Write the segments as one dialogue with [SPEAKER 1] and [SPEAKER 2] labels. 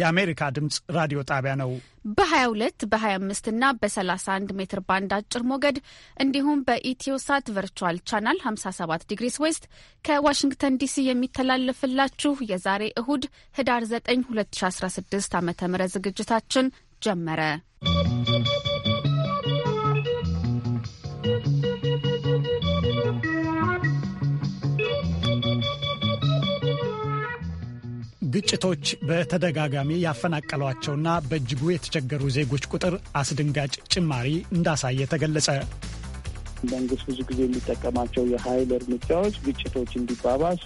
[SPEAKER 1] የአሜሪካ ድምፅ ራዲዮ ጣቢያ ነው።
[SPEAKER 2] በ22 በ25 እና በ31 ሜትር ባንድ አጭር ሞገድ እንዲሁም በኢትዮሳት ቨርቹዋል ቻናል 57 ዲግሪስ ዌስት ከዋሽንግተን ዲሲ የሚተላለፍላችሁ የዛሬ እሁድ ህዳር 9 2016 ዓ ም ዝግጅታችን ጀመረ።
[SPEAKER 1] ግጭቶች በተደጋጋሚ ያፈናቀሏቸውና በእጅጉ የተቸገሩ ዜጎች ቁጥር አስደንጋጭ ጭማሪ እንዳሳየ ተገለጸ።
[SPEAKER 3] መንግስት ብዙ ጊዜ የሚጠቀማቸው የኃይል እርምጃዎች ግጭቶች እንዲባባሱ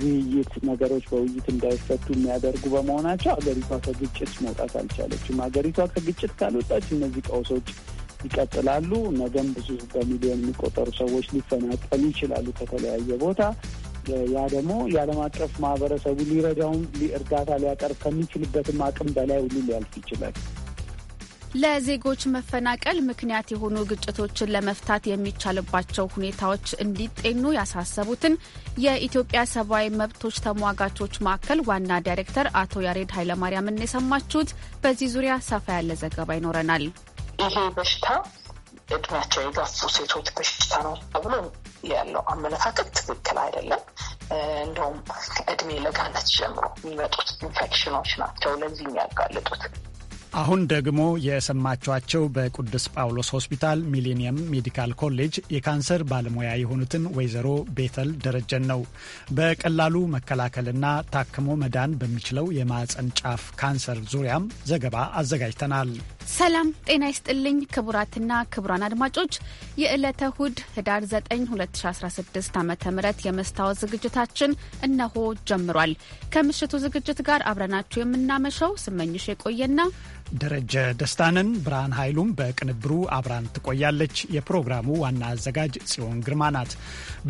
[SPEAKER 3] ውይይት ነገሮች በውይይት እንዳይፈቱ የሚያደርጉ በመሆናቸው ሀገሪቷ ከግጭት መውጣት አልቻለችም። ሀገሪቷ ከግጭት ካልወጣች እነዚህ ቀውሶች ይቀጥላሉ። ነገም ብዙ በሚሊዮን የሚቆጠሩ ሰዎች ሊፈናቀሉ ይችላሉ ከተለያየ ቦታ። ያ ደግሞ የዓለም አቀፍ ማህበረሰቡ ሊረዳውን እርዳታ ሊያቀርብ ከሚችልበትም አቅም በላይ ሁሉ ሊያልፍ ይችላል።
[SPEAKER 2] ለዜጎች መፈናቀል ምክንያት የሆኑ ግጭቶችን ለመፍታት የሚቻልባቸው ሁኔታዎች እንዲጤኑ ያሳሰቡትን የኢትዮጵያ ሰብአዊ መብቶች ተሟጋቾች ማዕከል ዋና ዳይሬክተር አቶ ያሬድ ኃይለማርያምን የሰማችሁት። በዚህ ዙሪያ ሰፋ ያለ ዘገባ ይኖረናል።
[SPEAKER 4] ይሄ በሽታ እድሜያቸው የገፉ ሴቶች በሽታ ነው ተብሎ ያለው አመለካከት ትክክል አይደለም። እንደውም እድሜ ለጋነት ጀምሮ የሚመጡት ኢንፌክሽኖች ናቸው ለዚህ የሚያጋልጡት።
[SPEAKER 1] አሁን ደግሞ የሰማችኋቸው በቅዱስ ጳውሎስ ሆስፒታል ሚሌኒየም ሜዲካል ኮሌጅ የካንሰር ባለሙያ የሆኑትን ወይዘሮ ቤተል ደረጀን ነው። በቀላሉ መከላከልና ታክሞ መዳን በሚችለው የማህፀን ጫፍ ካንሰር ዙሪያም ዘገባ አዘጋጅተናል።
[SPEAKER 2] ሰላም ጤና ይስጥልኝ ክቡራትና ክቡራን አድማጮች የዕለተ እሁድ ህዳር 9 2016 ዓ ም የመስታወት ዝግጅታችን እነሆ ጀምሯል። ከምሽቱ ዝግጅት ጋር አብረናችሁ የምናመሸው ስመኝሽ የቆየና
[SPEAKER 1] ደረጀ ደስታንን፣ ብርሃን ኃይሉም በቅንብሩ አብራን ትቆያለች። የፕሮግራሙ ዋና አዘጋጅ ጽዮን ግርማ ናት።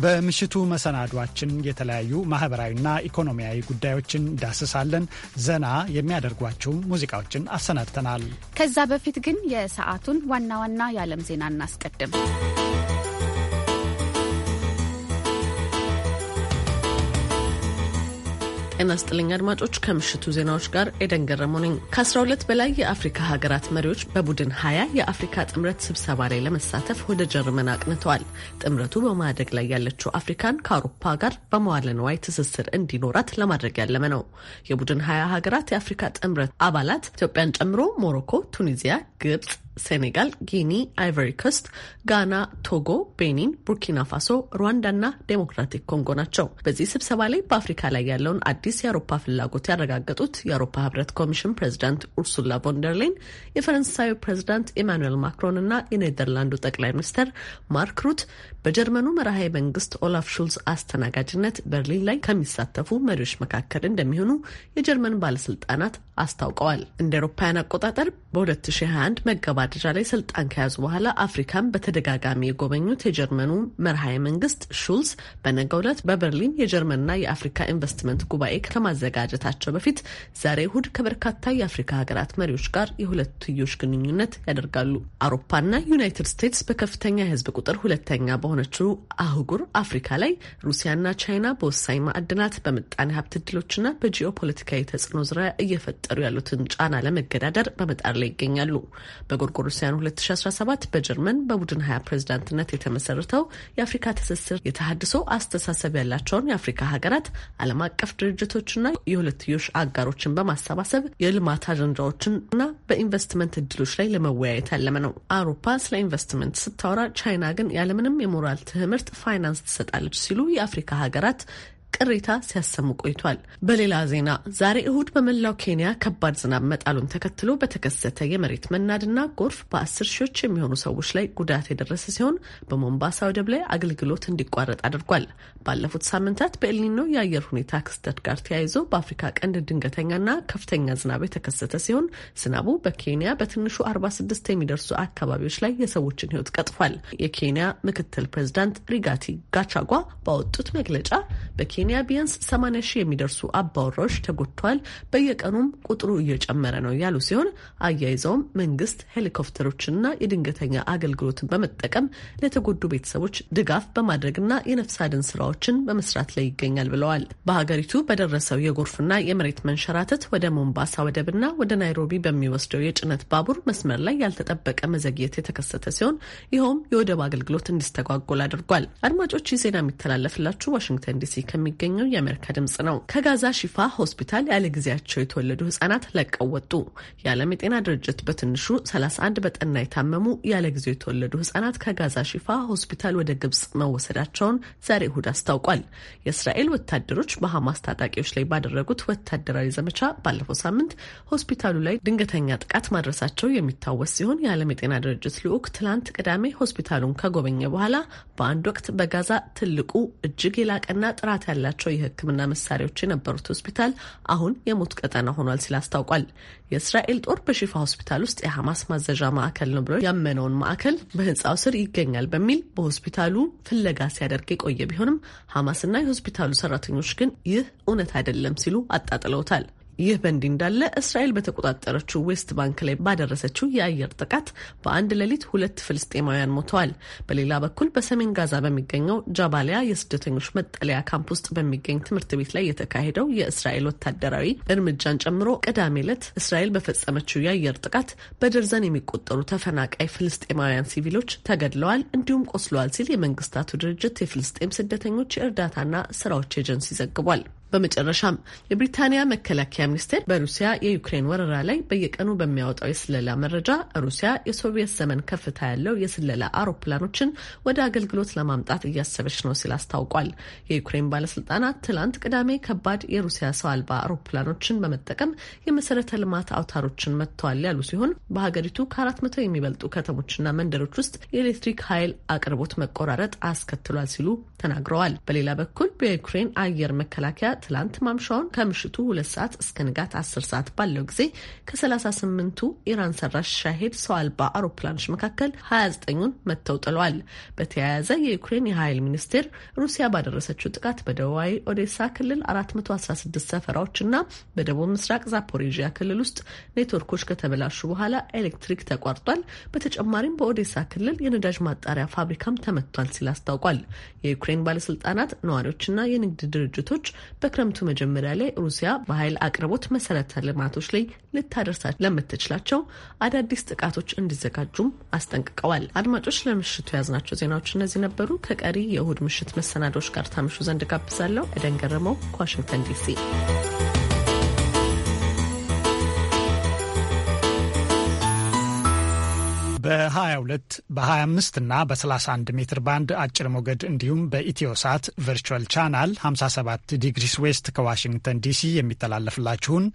[SPEAKER 1] በምሽቱ መሰናዷችን የተለያዩ ማህበራዊና ኢኮኖሚያዊ ጉዳዮችን ዳስሳለን። ዘና የሚያደርጓቸው ሙዚቃዎችን አሰናድተናል።
[SPEAKER 2] ከዛ በፊት ግን የሰዓቱን ዋና ዋና የዓለም ዜና እናስቀድም።
[SPEAKER 5] ጤና ስጥልኝ አድማጮች፣ ከምሽቱ ዜናዎች ጋር ኤደን ገረሙ ነኝ። ከ12 በላይ የአፍሪካ ሀገራት መሪዎች በቡድን ሀያ የአፍሪካ ጥምረት ስብሰባ ላይ ለመሳተፍ ወደ ጀርመን አቅንተዋል። ጥምረቱ በማደግ ላይ ያለችው አፍሪካን ከአውሮፓ ጋር በመዋለ ንዋይ ትስስር እንዲኖራት ለማድረግ ያለመ ነው። የቡድን ሀያ ሀገራት የአፍሪካ ጥምረት አባላት ኢትዮጵያን ጨምሮ ሞሮኮ፣ ቱኒዚያ፣ ግብጽ ሴኔጋል፣ ጊኒ፣ ኮስት፣ ጋና፣ ቶጎ፣ ቤኒን፣ ቡርኪና ፋሶ፣ እና ዴሞክራቲክ ኮንጎ ናቸው። በዚህ ስብሰባ ላይ በአፍሪካ ላይ ያለውን አዲስ የአውሮፓ ፍላጎት ያረጋገጡት የአውሮፓ ህብረት ኮሚሽን ፕሬዚዳንት ኡርሱላ ቮንደርሌን፣ የፈረንሳዩ ፕሬዚዳንት ኢማኑኤል ማክሮን እና የኔዘርላንዱ ጠቅላይ ሚኒስትር ማርክ ሩት በጀርመኑ መራሄ መንግስት ኦላፍ ሹልዝ አስተናጋጅነት በርሊን ላይ ከሚሳተፉ መሪዎች መካከል እንደሚሆኑ የጀርመን ባለስልጣናት አስታውቀዋል። እንደ አውሮፓውያን አቆጣጠር በ2021 መገባ መገባደጃ ላይ ስልጣን ከያዙ በኋላ አፍሪካን በተደጋጋሚ የጎበኙት የጀርመኑ መርሃይ መንግስት ሹልስ በነገው ዕለት በበርሊን የጀርመንና የአፍሪካ ኢንቨስትመንት ጉባኤ ከማዘጋጀታቸው በፊት ዛሬ እሁድ ከበርካታ የአፍሪካ ሀገራት መሪዎች ጋር የሁለትዮሽ ግንኙነት ያደርጋሉ። አውሮፓና ዩናይትድ ስቴትስ በከፍተኛ የህዝብ ቁጥር ሁለተኛ በሆነችው አህጉር አፍሪካ ላይ ሩሲያና ቻይና በወሳኝ ማዕድናት፣ በምጣኔ ሀብት እድሎችና በጂኦፖለቲካዊ ተጽዕኖ ዙሪያ እየፈጠሩ ያሉትን ጫና ለመገዳደር በመጣር ላይ ይገኛሉ። ጎርሲያን 2017 በጀርመን በቡድን ሀያ ፕሬዚዳንትነት የተመሰረተው የአፍሪካ ትስስር የተሃድሶ አስተሳሰብ ያላቸውን የአፍሪካ ሀገራት ዓለም አቀፍ ድርጅቶችና የሁለትዮሽ አጋሮችን በማሰባሰብ የልማት አጀንዳዎችን በኢንቨስትመንት እድሎች ላይ ለመወያየት ያለመ ነው። አውሮፓ ስለ ኢንቨስትመንት ስታወራ፣ ቻይና ግን ያለምንም የሞራል ትምህርት ፋይናንስ ትሰጣለች ሲሉ የአፍሪካ ሀገራት ቅሬታ ሲያሰሙ ቆይቷል። በሌላ ዜና ዛሬ እሁድ በመላው ኬንያ ከባድ ዝናብ መጣሉን ተከትሎ በተከሰተ የመሬት መናድና ጎርፍ በአስር ሺዎች የሚሆኑ ሰዎች ላይ ጉዳት የደረሰ ሲሆን በሞምባሳ ወደብ ላይ አገልግሎት እንዲቋረጥ አድርጓል። ባለፉት ሳምንታት በኤልኒኖ የአየር ሁኔታ ክስተት ጋር ተያይዞ በአፍሪካ ቀንድ ድንገተኛና ከፍተኛ ዝናብ የተከሰተ ሲሆን ዝናቡ በኬንያ በትንሹ 46 የሚደርሱ አካባቢዎች ላይ የሰዎችን ሕይወት ቀጥፏል። የኬንያ ምክትል ፕሬዚዳንት ሪጋቲ ጋቻጓ ባወጡት መግለጫ በኬ በኬንያ ቢያንስ 80 ሺህ የሚደርሱ አባወራዎች ተጎድተዋል፣ በየቀኑም ቁጥሩ እየጨመረ ነው ያሉ ሲሆን አያይዘውም መንግስት ሄሊኮፕተሮችንና የድንገተኛ አገልግሎትን በመጠቀም ለተጎዱ ቤተሰቦች ድጋፍ በማድረግና የነፍስ አድን ስራዎችን በመስራት ላይ ይገኛል ብለዋል። በሀገሪቱ በደረሰው የጎርፍና የመሬት መንሸራተት ወደ ሞምባሳ ወደብና ወደ ናይሮቢ በሚወስደው የጭነት ባቡር መስመር ላይ ያልተጠበቀ መዘግየት የተከሰተ ሲሆን ይኸውም የወደብ አገልግሎት እንዲስተጓጎል አድርጓል። አድማጮች ይህ ዜና የሚተላለፍላችሁ ዋሽንግተን ዲሲ የሚገኘው የአሜሪካ ድምጽ ነው። ከጋዛ ሺፋ ሆስፒታል ያለ ጊዜያቸው የተወለዱ ህጻናት ለቀው ወጡ። የዓለም የጤና ድርጅት በትንሹ 31 በጠና የታመሙ ያለ ጊዜው የተወለዱ ህጻናት ከጋዛ ሺፋ ሆስፒታል ወደ ግብጽ መወሰዳቸውን ዛሬ እሁድ አስታውቋል። የእስራኤል ወታደሮች በሐማስ ታጣቂዎች ላይ ባደረጉት ወታደራዊ ዘመቻ ባለፈው ሳምንት ሆስፒታሉ ላይ ድንገተኛ ጥቃት ማድረሳቸው የሚታወስ ሲሆን የዓለም የጤና ድርጅት ልዑክ ትላንት ቅዳሜ ሆስፒታሉን ከጎበኘ በኋላ በአንድ ወቅት በጋዛ ትልቁ እጅግ የላቀና ጥራት ያላቸው የሕክምና መሳሪያዎች የነበሩት ሆስፒታል አሁን የሞት ቀጠና ሆኗል ሲል አስታውቋል። የእስራኤል ጦር በሺፋ ሆስፒታል ውስጥ የሐማስ ማዘዣ ማዕከል ነው ብሎ ያመነውን ማዕከል በህንፃው ስር ይገኛል በሚል በሆስፒታሉ ፍለጋ ሲያደርግ የቆየ ቢሆንም ሐማስና የሆስፒታሉ ሰራተኞች ግን ይህ እውነት አይደለም ሲሉ አጣጥለውታል። ይህ በእንዲህ እንዳለ እስራኤል በተቆጣጠረችው ዌስት ባንክ ላይ ባደረሰችው የአየር ጥቃት በአንድ ሌሊት ሁለት ፍልስጤማውያን ሞተዋል። በሌላ በኩል በሰሜን ጋዛ በሚገኘው ጃባሊያ የስደተኞች መጠለያ ካምፕ ውስጥ በሚገኝ ትምህርት ቤት ላይ የተካሄደው የእስራኤል ወታደራዊ እርምጃን ጨምሮ ቅዳሜ ዕለት እስራኤል በፈጸመችው የአየር ጥቃት በደርዘን የሚቆጠሩ ተፈናቃይ ፍልስጤማውያን ሲቪሎች ተገድለዋል፣ እንዲሁም ቆስለዋል ሲል የመንግስታቱ ድርጅት የፍልስጤም ስደተኞች የእርዳታና ስራዎች ኤጀንሲ ዘግቧል። በመጨረሻም የብሪታንያ መከላከያ ሚኒስቴር በሩሲያ የዩክሬን ወረራ ላይ በየቀኑ በሚያወጣው የስለላ መረጃ ሩሲያ የሶቪየት ዘመን ከፍታ ያለው የስለላ አውሮፕላኖችን ወደ አገልግሎት ለማምጣት እያሰበች ነው ሲል አስታውቋል። የዩክሬን ባለስልጣናት ትላንት ቅዳሜ ከባድ የሩሲያ ሰው አልባ አውሮፕላኖችን በመጠቀም የመሰረተ ልማት አውታሮችን መጥተዋል ያሉ ሲሆን በሀገሪቱ ከአራት መቶ የሚበልጡ ከተሞችና መንደሮች ውስጥ የኤሌክትሪክ ኃይል አቅርቦት መቆራረጥ አስከትሏል ሲሉ ተናግረዋል። በሌላ በኩል በዩክሬን አየር መከላከያ ትላንት ማምሻውን ከምሽቱ ሁለት ሰዓት እስከ ንጋት አስር ሰዓት ባለው ጊዜ ከ38ቱ ኢራን ሰራሽ ሻሄድ ሰው አልባ አውሮፕላኖች መካከል 29 ዘጠኙን መጥተው ጥለዋል። በተያያዘ የዩክሬን የኃይል ሚኒስቴር ሩሲያ ባደረሰችው ጥቃት በደቡባዊ ኦዴሳ ክልል ስድስት ሰፈራዎች እና በደቡብ ምስራቅ ዛፖሬዥያ ክልል ውስጥ ኔትወርኮች ከተበላሹ በኋላ ኤሌክትሪክ ተቋርጧል። በተጨማሪም በኦዴሳ ክልል የነዳጅ ማጣሪያ ፋብሪካም ተመቷል ሲል አስታውቋል። የዩክሬን ባለስልጣናት ነዋሪዎችና የንግድ ድርጅቶች በ በክረምቱ መጀመሪያ ላይ ሩሲያ በኃይል አቅርቦት መሰረተ ልማቶች ላይ ልታደርሳ ለምትችላቸው አዳዲስ ጥቃቶች እንዲዘጋጁም አስጠንቅቀዋል። አድማጮች፣ ለምሽቱ የያዝናቸው ዜናዎች እነዚህ ነበሩ። ከቀሪ የእሁድ ምሽት መሰናዶች ጋር ታምሹ ዘንድ ጋብዛለሁ። እደን ገረመው ከዋሽንግተን ዲሲ
[SPEAKER 1] በ22 በ25 እና በ31 ሜትር ባንድ አጭር ሞገድ እንዲሁም በኢትዮሳት ቨርቹዋል ቻናል 57 ዲግሪስ ዌስት ከዋሽንግተን ዲሲ የሚተላለፍላችሁን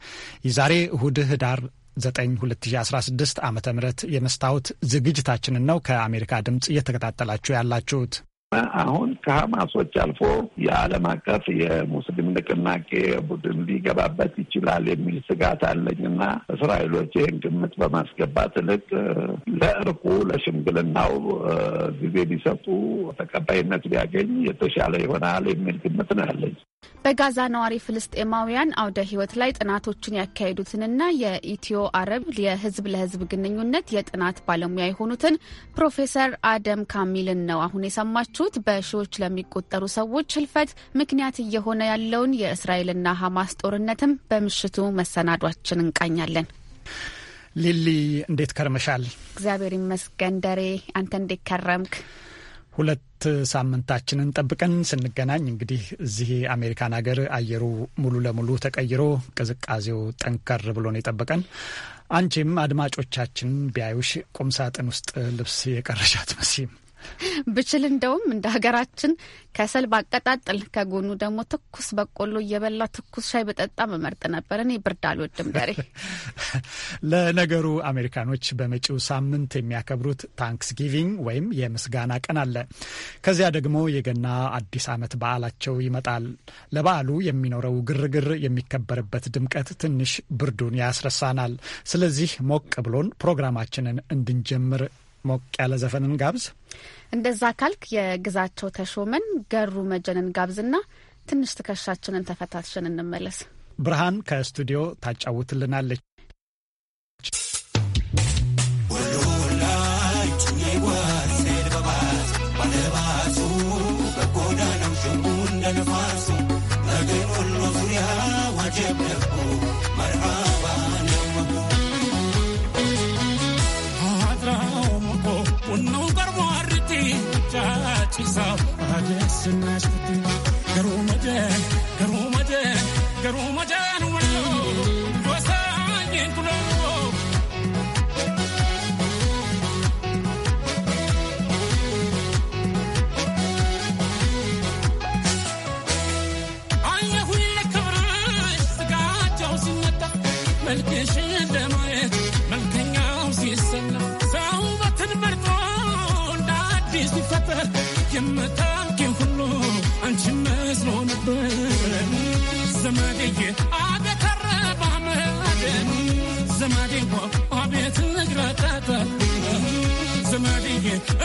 [SPEAKER 1] የዛሬ እሁድ ህዳር 9 2016 ዓ ም የመስታወት ዝግጅታችንን ነው ከአሜሪካ ድምፅ እየተከታተላችሁ ያላችሁት።
[SPEAKER 6] አሁን ከሀማሶች አልፎ የዓለም አቀፍ የሙስሊም ንቅናቄ ቡድን ሊገባበት ይችላል የሚል ስጋት አለኝ እና እስራኤሎች ይህን ግምት በማስገባት ልቅ ለእርቁ ለሽምግልናው ጊዜ ቢሰጡ ተቀባይነት ቢያገኝ የተሻለ ይሆናል የሚል ግምት ነው ያለኝ።
[SPEAKER 2] በጋዛ ነዋሪ ፍልስጤማውያን አውደ ህይወት ላይ ጥናቶችን ያካሄዱትንና የኢትዮ አረብ የህዝብ ለህዝብ ግንኙነት የጥናት ባለሙያ የሆኑትን ፕሮፌሰር አደም ካሚልን ነው አሁን የሰማችሁ የገለጹት በሺዎች ለሚቆጠሩ ሰዎች ህልፈት ምክንያት እየሆነ ያለውን የእስራኤልና ሐማስ ጦርነትም በምሽቱ መሰናዷችን እንቃኛለን።
[SPEAKER 1] ሊሊ እንዴት ከርመሻል?
[SPEAKER 2] እግዚአብሔር ይመስገን። ደሬ አንተ እንዴት ከረምክ?
[SPEAKER 1] ሁለት ሳምንታችንን ጠብቀን ስንገናኝ እንግዲህ እዚህ አሜሪካን ሀገር አየሩ ሙሉ ለሙሉ ተቀይሮ ቅዝቃዜው ጠንከር ብሎ ነው የጠበቀን። አንቺም አድማጮቻችን ቢያዩሽ ቁምሳጥን ውስጥ ልብስ የቀረሻት መሲም
[SPEAKER 2] ብችል እንደውም እንደ ሀገራችን ከሰል ባቀጣጥል ከጎኑ ደግሞ ትኩስ በቆሎ እየበላ ትኩስ ሻይ በጠጣ መመርጥ ነበር። እኔ ብርድ አልወድም ደሬ።
[SPEAKER 1] ለነገሩ አሜሪካኖች በመጪው ሳምንት የሚያከብሩት ታንክስ ጊቪንግ ወይም የምስጋና ቀን አለ። ከዚያ ደግሞ የገና አዲስ ዓመት በዓላቸው ይመጣል። ለበዓሉ የሚኖረው ግርግር፣ የሚከበርበት ድምቀት ትንሽ ብርዱን ያስረሳናል። ስለዚህ ሞቅ ብሎን ፕሮግራማችንን እንድንጀምር ሞቅ ያለ ዘፈንን ጋብዝ።
[SPEAKER 2] እንደዛ ካልክ የግዛቸው ተሾመን ገሩ መጀንን ጋብዝና ትንሽ ትከሻችንን ተፈታትሽን እንመለስ።
[SPEAKER 1] ብርሃን ከስቱዲዮ ታጫውትልናለች።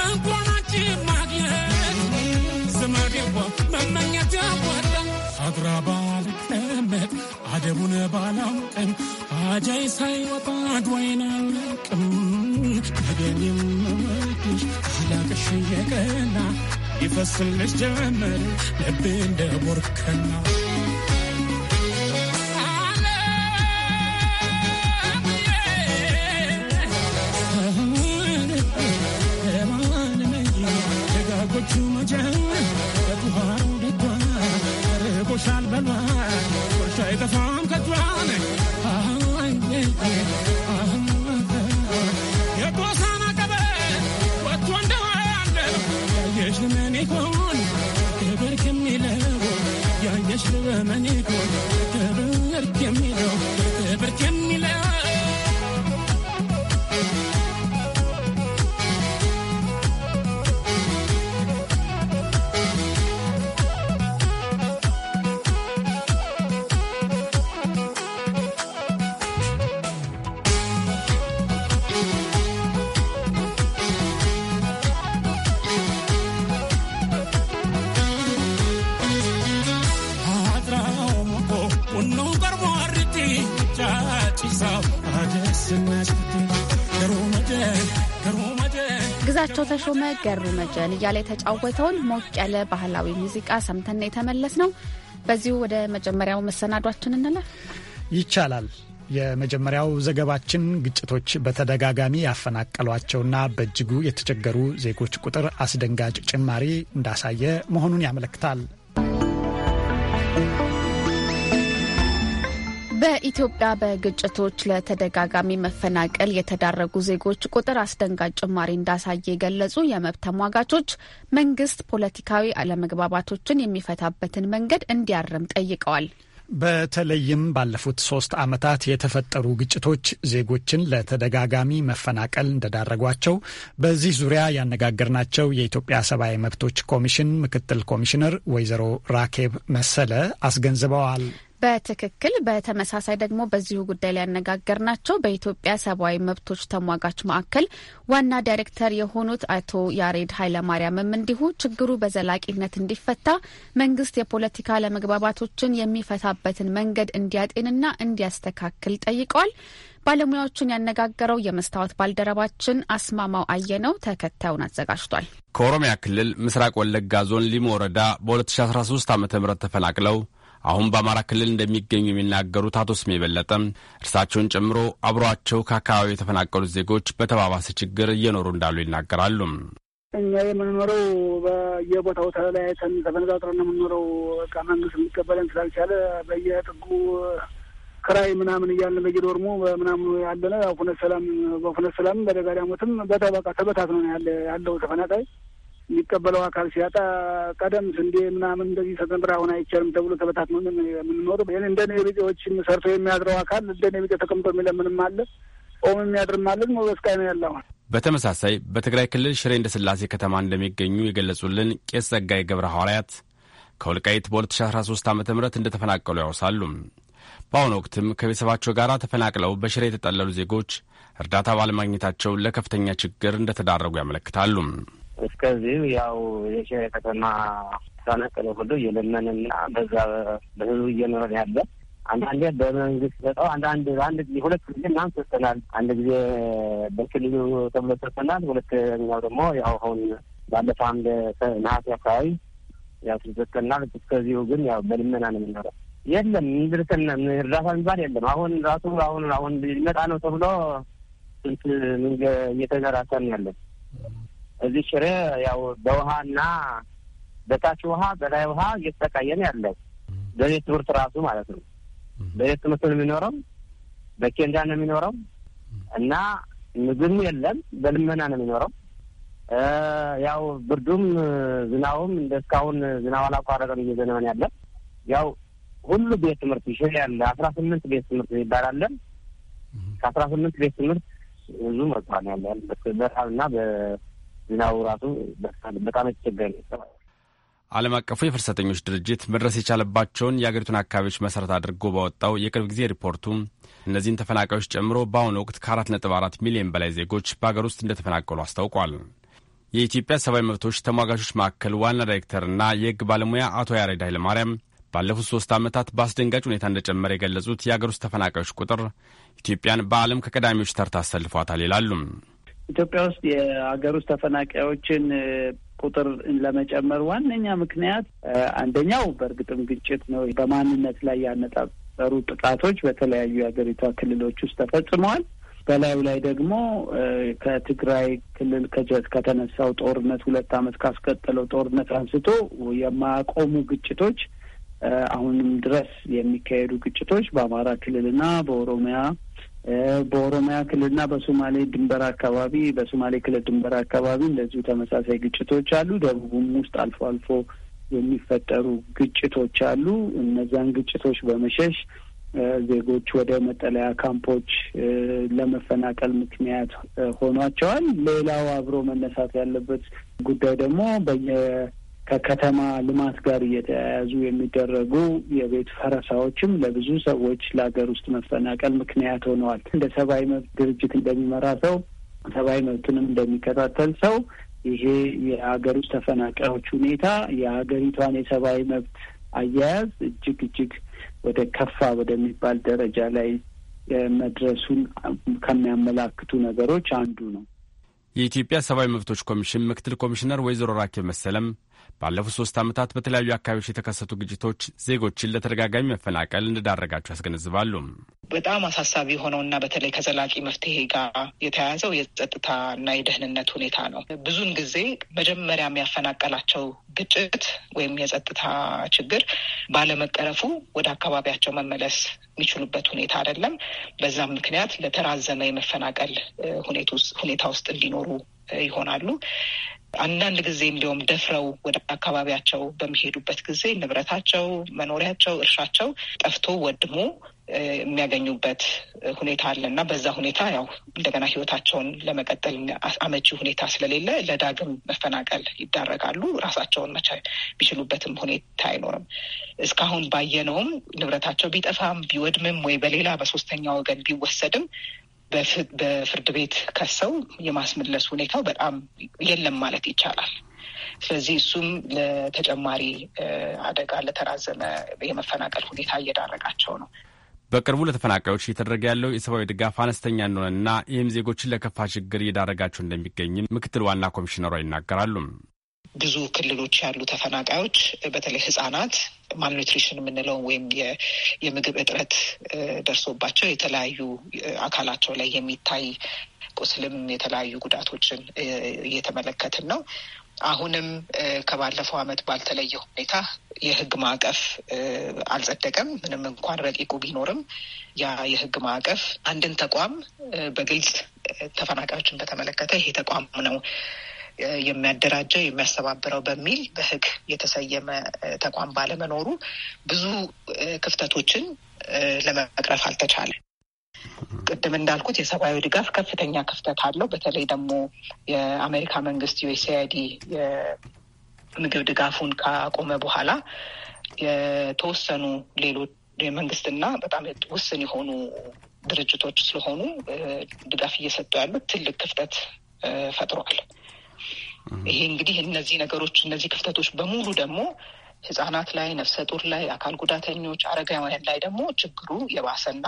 [SPEAKER 7] እንኳን አንቺን ማግኘት ዘመድ እኮ መመኘት ያዋጣል። አድራ ባልቀመጥ አደቡን ባላውቅም አጃይ ሳይወጣ አድዋይን አልቅም ከደኔም ወድሽ አላቅሽ የቀና ይፈስልሽ ጀመር ልቤ እንደ ቦርከና
[SPEAKER 2] ጌታቸው ተሾመ፣ ገሩ መጀን እያለ የተጫወተውን ሞቅ ያለ ባህላዊ ሙዚቃ ሰምተን የተመለስ ነው። በዚሁ ወደ መጀመሪያው መሰናዷችን እንለፍ።
[SPEAKER 1] ይቻላል። የመጀመሪያው ዘገባችን ግጭቶች በተደጋጋሚ ያፈናቀሏቸውና በእጅጉ የተቸገሩ ዜጎች ቁጥር አስደንጋጭ ጭማሪ እንዳሳየ መሆኑን ያመለክታል።
[SPEAKER 2] በኢትዮጵያ በግጭቶች ለተደጋጋሚ መፈናቀል የተዳረጉ ዜጎች ቁጥር አስደንጋጭ ጭማሪ እንዳሳየ የገለጹ የመብት ተሟጋቾች መንግስት ፖለቲካዊ አለመግባባቶችን የሚፈታበትን መንገድ እንዲያርም ጠይቀዋል።
[SPEAKER 1] በተለይም ባለፉት ሶስት ዓመታት የተፈጠሩ ግጭቶች ዜጎችን ለተደጋጋሚ መፈናቀል እንደዳረጓቸው በዚህ ዙሪያ ያነጋገርናቸው የኢትዮጵያ ሰብአዊ መብቶች ኮሚሽን ምክትል ኮሚሽነር ወይዘሮ ራኬብ መሰለ አስገንዝበዋል።
[SPEAKER 2] በትክክል በተመሳሳይ ደግሞ በዚሁ ጉዳይ ላይ ናቸው። በኢትዮጵያ ሰብአዊ መብቶች ተሟጋች ማዕከል ዋና ዳይሬክተር የሆኑት አቶ ያሬድ ኃይለማርያምም እንዲሁ ችግሩ በዘላቂነት እንዲፈታ መንግስት የፖለቲካ አለመግባባቶችን የሚፈታበትን መንገድ እንዲያጤንና እንዲያስተካክል ጠይቀዋል። ባለሙያዎቹን ያነጋገረው የመስታወት ባልደረባችን አስማማው አየነው ተከታዩን አዘጋጅቷል።
[SPEAKER 8] ከኦሮሚያ ክልል ምስራቅ ወለጋ ዞን ሊሞ ወረዳ በ2013 ዓ ም ተፈናቅለው አሁን በአማራ ክልል እንደሚገኙ የሚናገሩት አቶ ስሜ በለጠ እርሳቸውን ጨምሮ አብሯቸው ከአካባቢ የተፈናቀሉት ዜጎች በተባባሰ ችግር እየኖሩ እንዳሉ ይናገራሉ።
[SPEAKER 9] እኛ የምንኖረው በየቦታው ተለያይተን ተፈነጣጥረን ነው የምንኖረው። በቃ መንግስት የሚቀበለን ስላልቻለ በየጥጉ ክራይ ምናምን እያልን በየዶርሞ ምናምኑ ያለነ ሁነት ሰላም በሁነት ሰላም በደጋዳሞትም በተበቃ ተበታት ነው ያለ ያለው ተፈናቃይ የሚቀበለው አካል ሲያጣ ቀደም ስንዴ ምናምን እንደዚህ ተዘምራ አሁን አይቻልም ተብሎ ተበታት የምንኖሩ። ይህን እንደ ኔቤጤዎችን ሰርቶ የሚያድረው አካል እንደ ኔቤጤ ተቀምጦ የሚለምንም አለ፣ ቆሞ የሚያድርም አለ። በስቃይ ነው ያለ። አሁን
[SPEAKER 8] በተመሳሳይ በትግራይ ክልል ሽሬ እንደ ስላሴ ከተማ እንደሚገኙ የገለጹልን ቄስ ጸጋይ ገብረ ሐዋርያት ከወልቃይት በ2013 ዓ ም እንደተፈናቀሉ ያውሳሉ። በአሁኑ ወቅትም ከቤተሰባቸው ጋር ተፈናቅለው በሽሬ የተጠለሉ ዜጎች እርዳታ ባለማግኘታቸው ለከፍተኛ ችግር እንደተዳረጉ ያመለክታሉ።
[SPEAKER 10] እስከዚህ ያው የሸ ከተማ ሳነቀለ ሁሉ እየለመንና በዛ በህዝቡ እየኖረን ያለ አንዳንዴ በመንግስት ሰጠው አንዳንድ አንድ ጊዜ ሁለት ጊዜ ምናምን ሰጥተናል። አንድ ጊዜ በክልሉ ተብሎ ሰጥተናል። ሁለተኛው ደግሞ ያው አሁን ባለፈው አንድ ነሐሴ አካባቢ ያው ሰጥተናል። እስከዚሁ ግን ያው በልመና ነው የምንኖረው። የለም ምድርሰና እርዳታ የሚባል የለም። አሁን ራሱ አሁን አሁን ሊመጣ ነው ተብሎ ስንት ምን እየተንገራታን ያለን እዚህ ሽሬ ያው በውሃና በታች ውሃ በላይ ውሃ እየተሰቃየን ያለው በቤት ትምህርት ራሱ ማለት ነው። በቤት ትምህርት ነው የሚኖረው፣ በኬንዳ ነው የሚኖረው እና ምግብም የለም በልመና ነው የሚኖረው። ያው ብርዱም ዝናቡም እንደ እስካሁን ዝናብ አላቋረጠም እየዘነበን ያለ ያው ሁሉ ቤት ትምህርት ይሽ ያለ አስራ ስምንት ቤት ትምህርት ይባላለን። ከአስራ ስምንት ቤት ትምህርት ብዙ መርቷን ያለ በረሃብ በረሃብና ዝናቡ ራሱ በጣም የተቸገረ
[SPEAKER 8] ዓለም አቀፉ የፍልሰተኞች ድርጅት መድረስ የቻለባቸውን የአገሪቱን አካባቢዎች መሰረት አድርጎ ባወጣው የቅርብ ጊዜ ሪፖርቱ እነዚህን ተፈናቃዮች ጨምሮ በአሁኑ ወቅት ከአራት ነጥብ አራት ሚሊዮን በላይ ዜጎች በአገር ውስጥ እንደተፈናቀሉ አስታውቋል። የኢትዮጵያ ሰብአዊ መብቶች ተሟጋቾች ማዕከል ዋና ዳይሬክተርና የሕግ ባለሙያ አቶ ያሬድ ኃይለማርያም ባለፉት ሶስት ዓመታት በአስደንጋጭ ሁኔታ እንደጨመረ የገለጹት የአገር ውስጥ ተፈናቃዮች ቁጥር ኢትዮጵያን በዓለም ከቀዳሚዎች ተርታ አሰልፏታል ይላሉ።
[SPEAKER 3] ኢትዮጵያ ውስጥ የሀገር ውስጥ ተፈናቃዮችን ቁጥር ለመጨመር ዋነኛ ምክንያት አንደኛው በእርግጥም ግጭት ነው። በማንነት ላይ ያነጣጠሩ ጥቃቶች በተለያዩ የሀገሪቷ ክልሎች ውስጥ ተፈጽመዋል። በላዩ ላይ ደግሞ ከትግራይ ክልል ከተነሳው ጦርነት ሁለት አመት ካስቀጠለው ጦርነት አንስቶ የማያቆሙ ግጭቶች አሁንም ድረስ የሚካሄዱ ግጭቶች በአማራ ክልልና በኦሮሚያ በኦሮሚያ ክልልና በሶማሌ ድንበር አካባቢ በሶማሌ ክልል ድንበር አካባቢ እንደዚሁ ተመሳሳይ ግጭቶች አሉ። ደቡቡም ውስጥ አልፎ አልፎ የሚፈጠሩ ግጭቶች አሉ። እነዛን ግጭቶች በመሸሽ ዜጎች ወደ መጠለያ ካምፖች ለመፈናቀል ምክንያት ሆኗቸዋል። ሌላው አብሮ መነሳት ያለበት ጉዳይ ደግሞ በየ ከከተማ ልማት ጋር እየተያያዙ የሚደረጉ የቤት ፈረሳዎችም ለብዙ ሰዎች ለሀገር ውስጥ መፈናቀል ምክንያት ሆነዋል። እንደ ሰብአዊ መብት ድርጅት እንደሚመራ ሰው ሰብአዊ መብትንም እንደሚከታተል ሰው ይሄ የሀገር ውስጥ ተፈናቃዮች ሁኔታ የሀገሪቷን የሰብአዊ መብት አያያዝ እጅግ እጅግ ወደ ከፋ ወደሚባል ደረጃ ላይ መድረሱን ከሚያመላክቱ ነገሮች አንዱ ነው።
[SPEAKER 8] የኢትዮጵያ ሰብአዊ መብቶች ኮሚሽን ምክትል ኮሚሽነር ወይዘሮ ራኬብ መሰለም ባለፉት ሶስት ዓመታት በተለያዩ አካባቢዎች የተከሰቱ ግጭቶች ዜጎችን ለተደጋጋሚ መፈናቀል እንዳደረጋቸው ያስገነዝባሉ።
[SPEAKER 11] በጣም አሳሳቢ የሆነውና በተለይ ከዘላቂ መፍትሄ ጋር የተያያዘው የጸጥታ እና የደህንነት ሁኔታ ነው። ብዙን ጊዜ መጀመሪያ የሚያፈናቀላቸው ግጭት ወይም የጸጥታ ችግር ባለመቀረፉ ወደ አካባቢያቸው መመለስ የሚችሉበት ሁኔታ አይደለም። በዛም ምክንያት ለተራዘመ የመፈናቀል ሁኔታ ውስጥ እንዲኖሩ ይሆናሉ። አንዳንድ ጊዜ እንዲሁም ደፍረው ወደ አካባቢያቸው በሚሄዱበት ጊዜ ንብረታቸው፣ መኖሪያቸው፣ እርሻቸው ጠፍቶ ወድሞ የሚያገኙበት ሁኔታ አለ እና በዛ ሁኔታ ያው እንደገና ህይወታቸውን ለመቀጠል አመቺ ሁኔታ ስለሌለ ለዳግም መፈናቀል ይዳረጋሉ። ራሳቸውን መ የሚችሉበትም ሁኔታ አይኖርም። እስካሁን ባየነውም ንብረታቸው ቢጠፋም ቢወድምም ወይ በሌላ በሶስተኛ ወገን ቢወሰድም በፍርድ ቤት ከሰው የማስመለስ ሁኔታው በጣም የለም ማለት ይቻላል። ስለዚህ እሱም ለተጨማሪ አደጋ ለተራዘመ የመፈናቀል ሁኔታ እየዳረጋቸው ነው።
[SPEAKER 8] በቅርቡ ለተፈናቃዮች እየተደረገ ያለው የሰብአዊ ድጋፍ አነስተኛ እንደሆነና ይህም ዜጎችን ለከፋ ችግር እየዳረጋቸው እንደሚገኝም ምክትል ዋና ኮሚሽነሯ ይናገራሉ።
[SPEAKER 11] ብዙ ክልሎች ያሉ ተፈናቃዮች በተለይ ህጻናት ማልኒትሪሽን የምንለው ወይም የምግብ እጥረት ደርሶባቸው የተለያዩ አካላቸው ላይ የሚታይ ቁስልም የተለያዩ ጉዳቶችን እየተመለከትን ነው። አሁንም ከባለፈው ዓመት ባልተለየ ሁኔታ የህግ ማዕቀፍ አልጸደቀም። ምንም እንኳን ረቂቁ ቢኖርም ያ የህግ ማዕቀፍ አንድን ተቋም በግልጽ ተፈናቃዮችን በተመለከተ ይሄ ተቋም ነው የሚያደራጀው የሚያስተባብረው በሚል በህግ የተሰየመ ተቋም ባለመኖሩ ብዙ ክፍተቶችን ለመቅረፍ አልተቻለ። ቅድም እንዳልኩት የሰብአዊ ድጋፍ ከፍተኛ ክፍተት አለው። በተለይ ደግሞ የአሜሪካ መንግስት ዩኤስኤአይዲ የምግብ ድጋፉን ካቆመ በኋላ የተወሰኑ ሌሎች የመንግስትና በጣም ውስን የሆኑ ድርጅቶች ስለሆኑ ድጋፍ እየሰጡ ያሉት ትልቅ ክፍተት ፈጥሯል። ይሄ እንግዲህ እነዚህ ነገሮች እነዚህ ክፍተቶች በሙሉ ደግሞ ህጻናት ላይ፣ ነፍሰ ጡር ላይ፣ አካል ጉዳተኞች፣ አረጋውያን ላይ ደግሞ ችግሩ የባሰና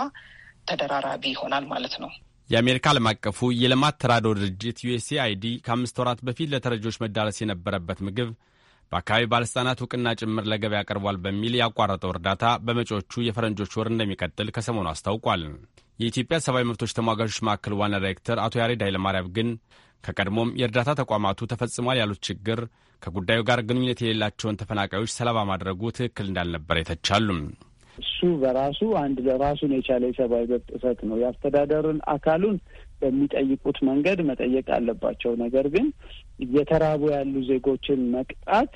[SPEAKER 11] ተደራራቢ ይሆናል ማለት ነው።
[SPEAKER 8] የአሜሪካ ዓለም አቀፉ የልማት ተራድኦ ድርጅት ዩኤስኤአይዲ ከአምስት ወራት በፊት ለተረጆች መዳረስ የነበረበት ምግብ በአካባቢ ባለሥልጣናት እውቅና ጭምር ለገበያ ቀርቧል በሚል ያቋረጠው እርዳታ በመጪዎቹ የፈረንጆች ወር እንደሚቀጥል ከሰሞኑ አስታውቋል። የኢትዮጵያ ሰብአዊ መብቶች ተሟጋቾች ማዕከል ዋና ዳይሬክተር አቶ ያሬድ ኃይለማርያም ግን ከቀድሞም የእርዳታ ተቋማቱ ተፈጽሟል ያሉት ችግር ከጉዳዩ ጋር ግንኙነት የሌላቸውን ተፈናቃዮች ሰለባ ማድረጉ ትክክል እንዳልነበረ ይተቻሉ።
[SPEAKER 3] እሱ በራሱ አንድ ለራሱን የቻለ የሰብአዊ መብት ጥሰት ነው። የአስተዳደርን አካሉን በሚጠይቁት መንገድ መጠየቅ አለባቸው። ነገር ግን እየተራቡ ያሉ ዜጎችን መቅጣት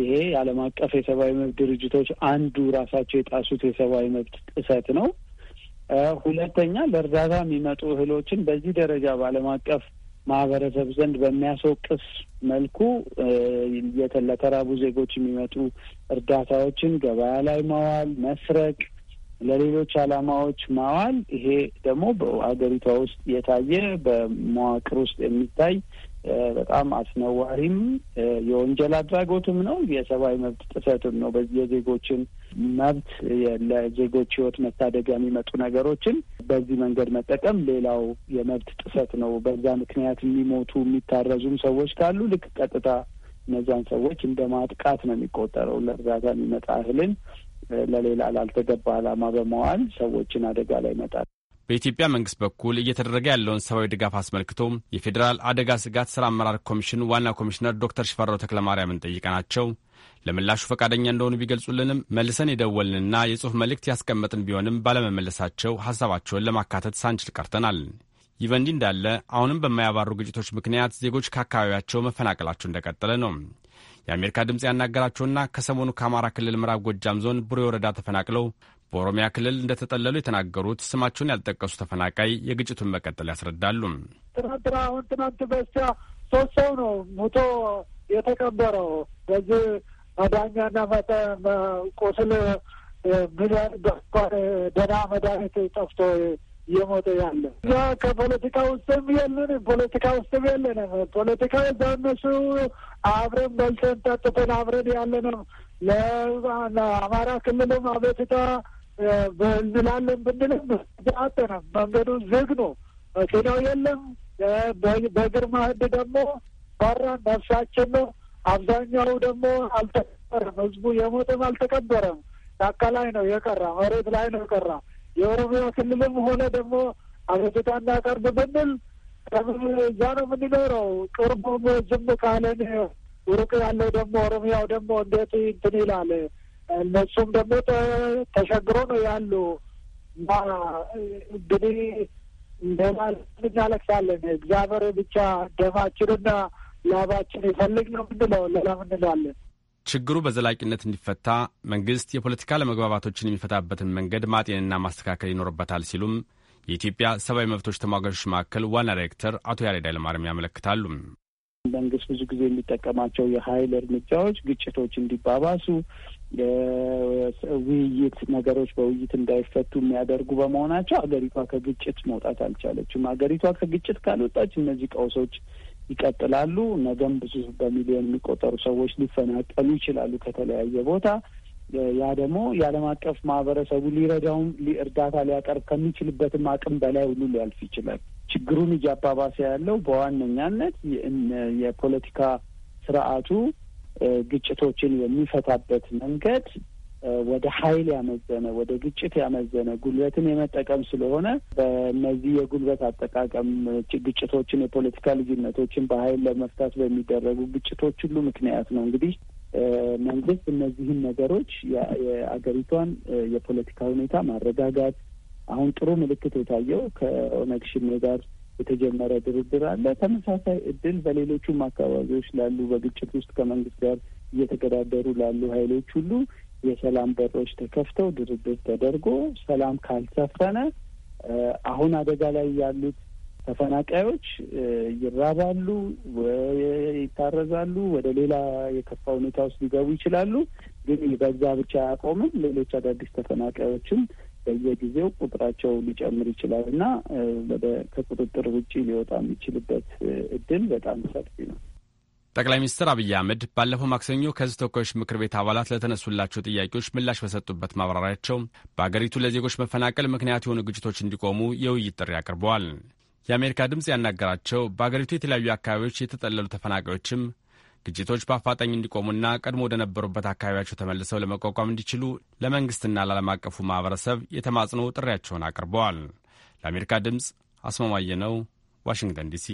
[SPEAKER 3] ይሄ የዓለም አቀፍ የሰብአዊ መብት ድርጅቶች አንዱ ራሳቸው የጣሱት የሰብአዊ መብት ጥሰት ነው። ሁለተኛ ለእርዳታ የሚመጡ እህሎችን በዚህ ደረጃ በዓለም አቀፍ ማህበረሰብ ዘንድ በሚያስወቅስ መልኩ ለተራቡ ዜጎች የሚመጡ እርዳታዎችን ገበያ ላይ ማዋል፣ መስረቅ፣ ለሌሎች አላማዎች ማዋል ይሄ ደግሞ በሀገሪቷ ውስጥ የታየ በመዋቅር ውስጥ የሚታይ በጣም አስነዋሪም የወንጀል አድራጎትም ነው፣ የሰብአዊ መብት ጥሰትም ነው። በዚህ የዜጎችን መብት ለዜጎች ህይወት መታደጊያ የሚመጡ ነገሮችን በዚህ መንገድ መጠቀም ሌላው የመብት ጥሰት ነው። በዛ ምክንያት የሚሞቱ የሚታረዙም ሰዎች ካሉ ልክ ቀጥታ እነዛን ሰዎች እንደ ማጥቃት ነው የሚቆጠረው። ለእርዳታ የሚመጣ እህልን ለሌላ ላልተገባ ዓላማ በመዋል ሰዎችን አደጋ ላይ ይመጣል።
[SPEAKER 8] በኢትዮጵያ መንግስት በኩል እየተደረገ ያለውን ሰብአዊ ድጋፍ አስመልክቶ የፌዴራል አደጋ ስጋት ስራ አመራር ኮሚሽን ዋና ኮሚሽነር ዶክተር ሽፈራው ተክለማርያምን ጠይቀናቸው ለምላሹ ፈቃደኛ እንደሆኑ ቢገልጹልንም መልሰን የደወልንና የጽሑፍ መልእክት ያስቀመጥን ቢሆንም ባለመመለሳቸው ሀሳባቸውን ለማካተት ሳንችል ቀርተናል። ይህ በእንዲህ እንዳለ አሁንም በማያባሩ ግጭቶች ምክንያት ዜጎች ከአካባቢያቸው መፈናቀላቸው እንደቀጠለ ነው። የአሜሪካ ድምፅ ያናገራቸውና ከሰሞኑ ከአማራ ክልል ምዕራብ ጎጃም ዞን ቡሬ ወረዳ ተፈናቅለው በኦሮሚያ ክልል እንደተጠለሉ የተናገሩት ስማቸውን ያልጠቀሱ ተፈናቃይ የግጭቱን መቀጠል ያስረዳሉ።
[SPEAKER 9] ትናንትና አሁን ትናንት በስቲያ ሶስት ሰው ነው ሙቶ የተቀበረው በዚህ መዳኛና ቁስል ደና መድኃኒት ጠፍቶ እየሞተ ያለ እዛ ከፖለቲካ ውስጥም የለንም። ፖለቲካ ውስጥም የለንም። ፖለቲካ እዛ እነሱ አብረን በልተን ጠጥተን አብረን ያለ ነው። ለአማራ ክልልም አቤቱታ እንላለን ብንልም አጠነም መንገዱ ዝግ ነው። መኪናው የለም። በእግር ማህድ ደግሞ ባራ ነፍሳችን ነው አብዛኛው ደግሞ አልተቀበረም። ህዝቡ የሞተም አልተቀበረም። ጫካ ላይ ነው የቀራ፣ መሬት ላይ ነው የቀራ። የኦሮሚያ ክልልም ሆነ ደግሞ አቤቱታ እናቀርብ ብንል እዛ ነው የምንኖረው። ቅርቡም ዝም ካለን ውርቅ ያለው ደግሞ ኦሮሚያው ደግሞ እንዴት እንትን ይላል። እነሱም ደግሞ ተሸግሮ ነው ያሉ እንግዲህ እንደማለት እናለቅሳለን። እግዚአብሔር ብቻ ደማችንና ላባችን የፈለግነው እንለዋለን ላብ እንለዋለን።
[SPEAKER 8] ችግሩ በዘላቂነት እንዲፈታ መንግስት የፖለቲካ ለመግባባቶችን የሚፈታበትን መንገድ ማጤንና ማስተካከል ይኖርበታል ሲሉም የኢትዮጵያ ሰብአዊ መብቶች ተሟጋቾች መካከል ዋና ዳይሬክተር አቶ ያሬድ ኃይለማርያም ያመለክታሉ።
[SPEAKER 3] መንግስት ብዙ ጊዜ የሚጠቀማቸው የኃይል እርምጃዎች ግጭቶች እንዲባባሱ፣ ውይይት ነገሮች በውይይት እንዳይፈቱ የሚያደርጉ በመሆናቸው አገሪቷ ከግጭት መውጣት አልቻለችም። አገሪቷ ከግጭት ካልወጣች እነዚህ ቀውሶች ይቀጥላሉ። ነገም ብዙ በሚሊዮን የሚቆጠሩ ሰዎች ሊፈናቀሉ ይችላሉ ከተለያየ ቦታ። ያ ደግሞ የዓለም አቀፍ ማህበረሰቡ ሊረዳውም እርዳታ ሊያቀርብ ከሚችልበትም አቅም በላይ ሁሉ ሊያልፍ ይችላል። ችግሩን እያባባሰ ያለው በዋነኛነት የፖለቲካ ስርዓቱ ግጭቶችን የሚፈታበት መንገድ ወደ ኃይል ያመዘነ ወደ ግጭት ያመዘነ ጉልበትን የመጠቀም ስለሆነ በእነዚህ የጉልበት አጠቃቀም ግጭቶችን፣ የፖለቲካ ልዩነቶችን በኃይል ለመፍታት በሚደረጉ ግጭቶች ሁሉ ምክንያት ነው እንግዲህ መንግስት እነዚህን ነገሮች የአገሪቷን የፖለቲካ ሁኔታ ማረጋጋት አሁን ጥሩ ምልክት የታየው ከኦነግ ሽሜ ጋር የተጀመረ ድርድር አለ። ተመሳሳይ እድል በሌሎቹም አካባቢዎች ላሉ በግጭት ውስጥ ከመንግስት ጋር እየተገዳደሩ ላሉ ኃይሎች ሁሉ የሰላም በሮች ተከፍተው ድርድር ተደርጎ ሰላም ካልሰፈነ አሁን አደጋ ላይ ያሉት ተፈናቃዮች ይራባሉ፣ ይታረዛሉ፣ ወደ ሌላ የከፋ ሁኔታ ውስጥ ሊገቡ ይችላሉ። ግን በዛ ብቻ አያቆምም። ሌሎች አዳዲስ ተፈናቃዮችም በየጊዜው ቁጥራቸው ሊጨምር ይችላል እና ወደ ከቁጥጥር ውጪ ሊወጣ የሚችልበት እድል በጣም ሰፊ ነው።
[SPEAKER 8] ጠቅላይ ሚኒስትር አብይ አህመድ ባለፈው ማክሰኞ ከህዝብ ተወካዮች ምክር ቤት አባላት ለተነሱላቸው ጥያቄዎች ምላሽ በሰጡበት ማብራሪያቸው በአገሪቱ ለዜጎች መፈናቀል ምክንያት የሆኑ ግጭቶች እንዲቆሙ የውይይት ጥሪ አቅርበዋል። የአሜሪካ ድምፅ ያናገራቸው በአገሪቱ የተለያዩ አካባቢዎች የተጠለሉ ተፈናቃዮችም ግጭቶች በአፋጣኝ እንዲቆሙና ቀድሞ ወደ ነበሩበት አካባቢያቸው ተመልሰው ለመቋቋም እንዲችሉ ለመንግስትና ለዓለም አቀፉ ማህበረሰብ የተማጽኖ ጥሪያቸውን አቅርበዋል። ለአሜሪካ ድምፅ አስማማየ ነው፣ ዋሽንግተን ዲሲ።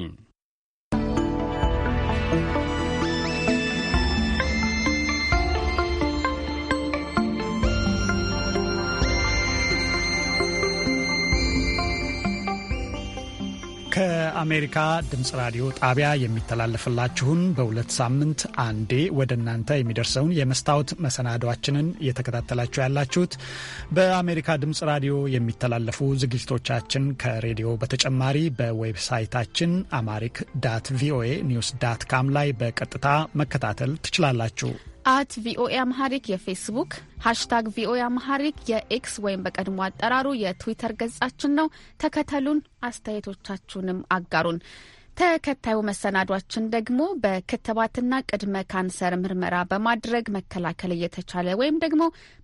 [SPEAKER 1] ከአሜሪካ ድምፅ ራዲዮ ጣቢያ የሚተላለፍላችሁን በሁለት ሳምንት አንዴ ወደ እናንተ የሚደርሰውን የመስታወት መሰናዷችንን እየተከታተላችሁ ያላችሁት በአሜሪካ ድምፅ ራዲዮ የሚተላለፉ ዝግጅቶቻችን ከሬዲዮ በተጨማሪ በዌብሳይታችን አማሪክ ዳት ቪኦኤ ኒውስ ዳት ካም ላይ በቀጥታ መከታተል ትችላላችሁ።
[SPEAKER 2] አት ቪኦኤ አምሃሪክ የፌስቡክ ሃሽታግ ቪኦኤ አምሃሪክ የኤክስ ወይም በቀድሞ አጠራሩ የትዊተር ገጻችን ነው። ተከተሉን፣ አስተያየቶቻችሁንም አጋሩን። ተከታዩ መሰናዷችን ደግሞ በክትባትና ቅድመ ካንሰር ምርመራ በማድረግ መከላከል እየተቻለ ወይም ደግሞ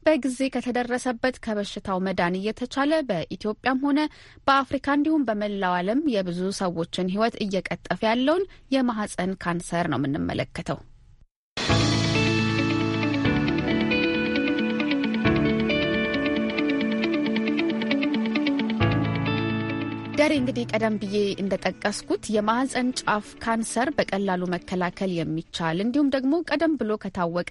[SPEAKER 2] በጊዜ ከተደረሰበት ከበሽታው መዳን እየተቻለ በኢትዮጵያም ሆነ በአፍሪካ እንዲሁም በመላው ዓለም የብዙ ሰዎችን ሕይወት እየቀጠፈ ያለውን የማህፀን ካንሰር ነው የምንመለከተው። ጋሪ እንግዲህ ቀደም ብዬ እንደጠቀስኩት የማህፀን ጫፍ ካንሰር በቀላሉ መከላከል የሚቻል እንዲሁም ደግሞ ቀደም ብሎ ከታወቀ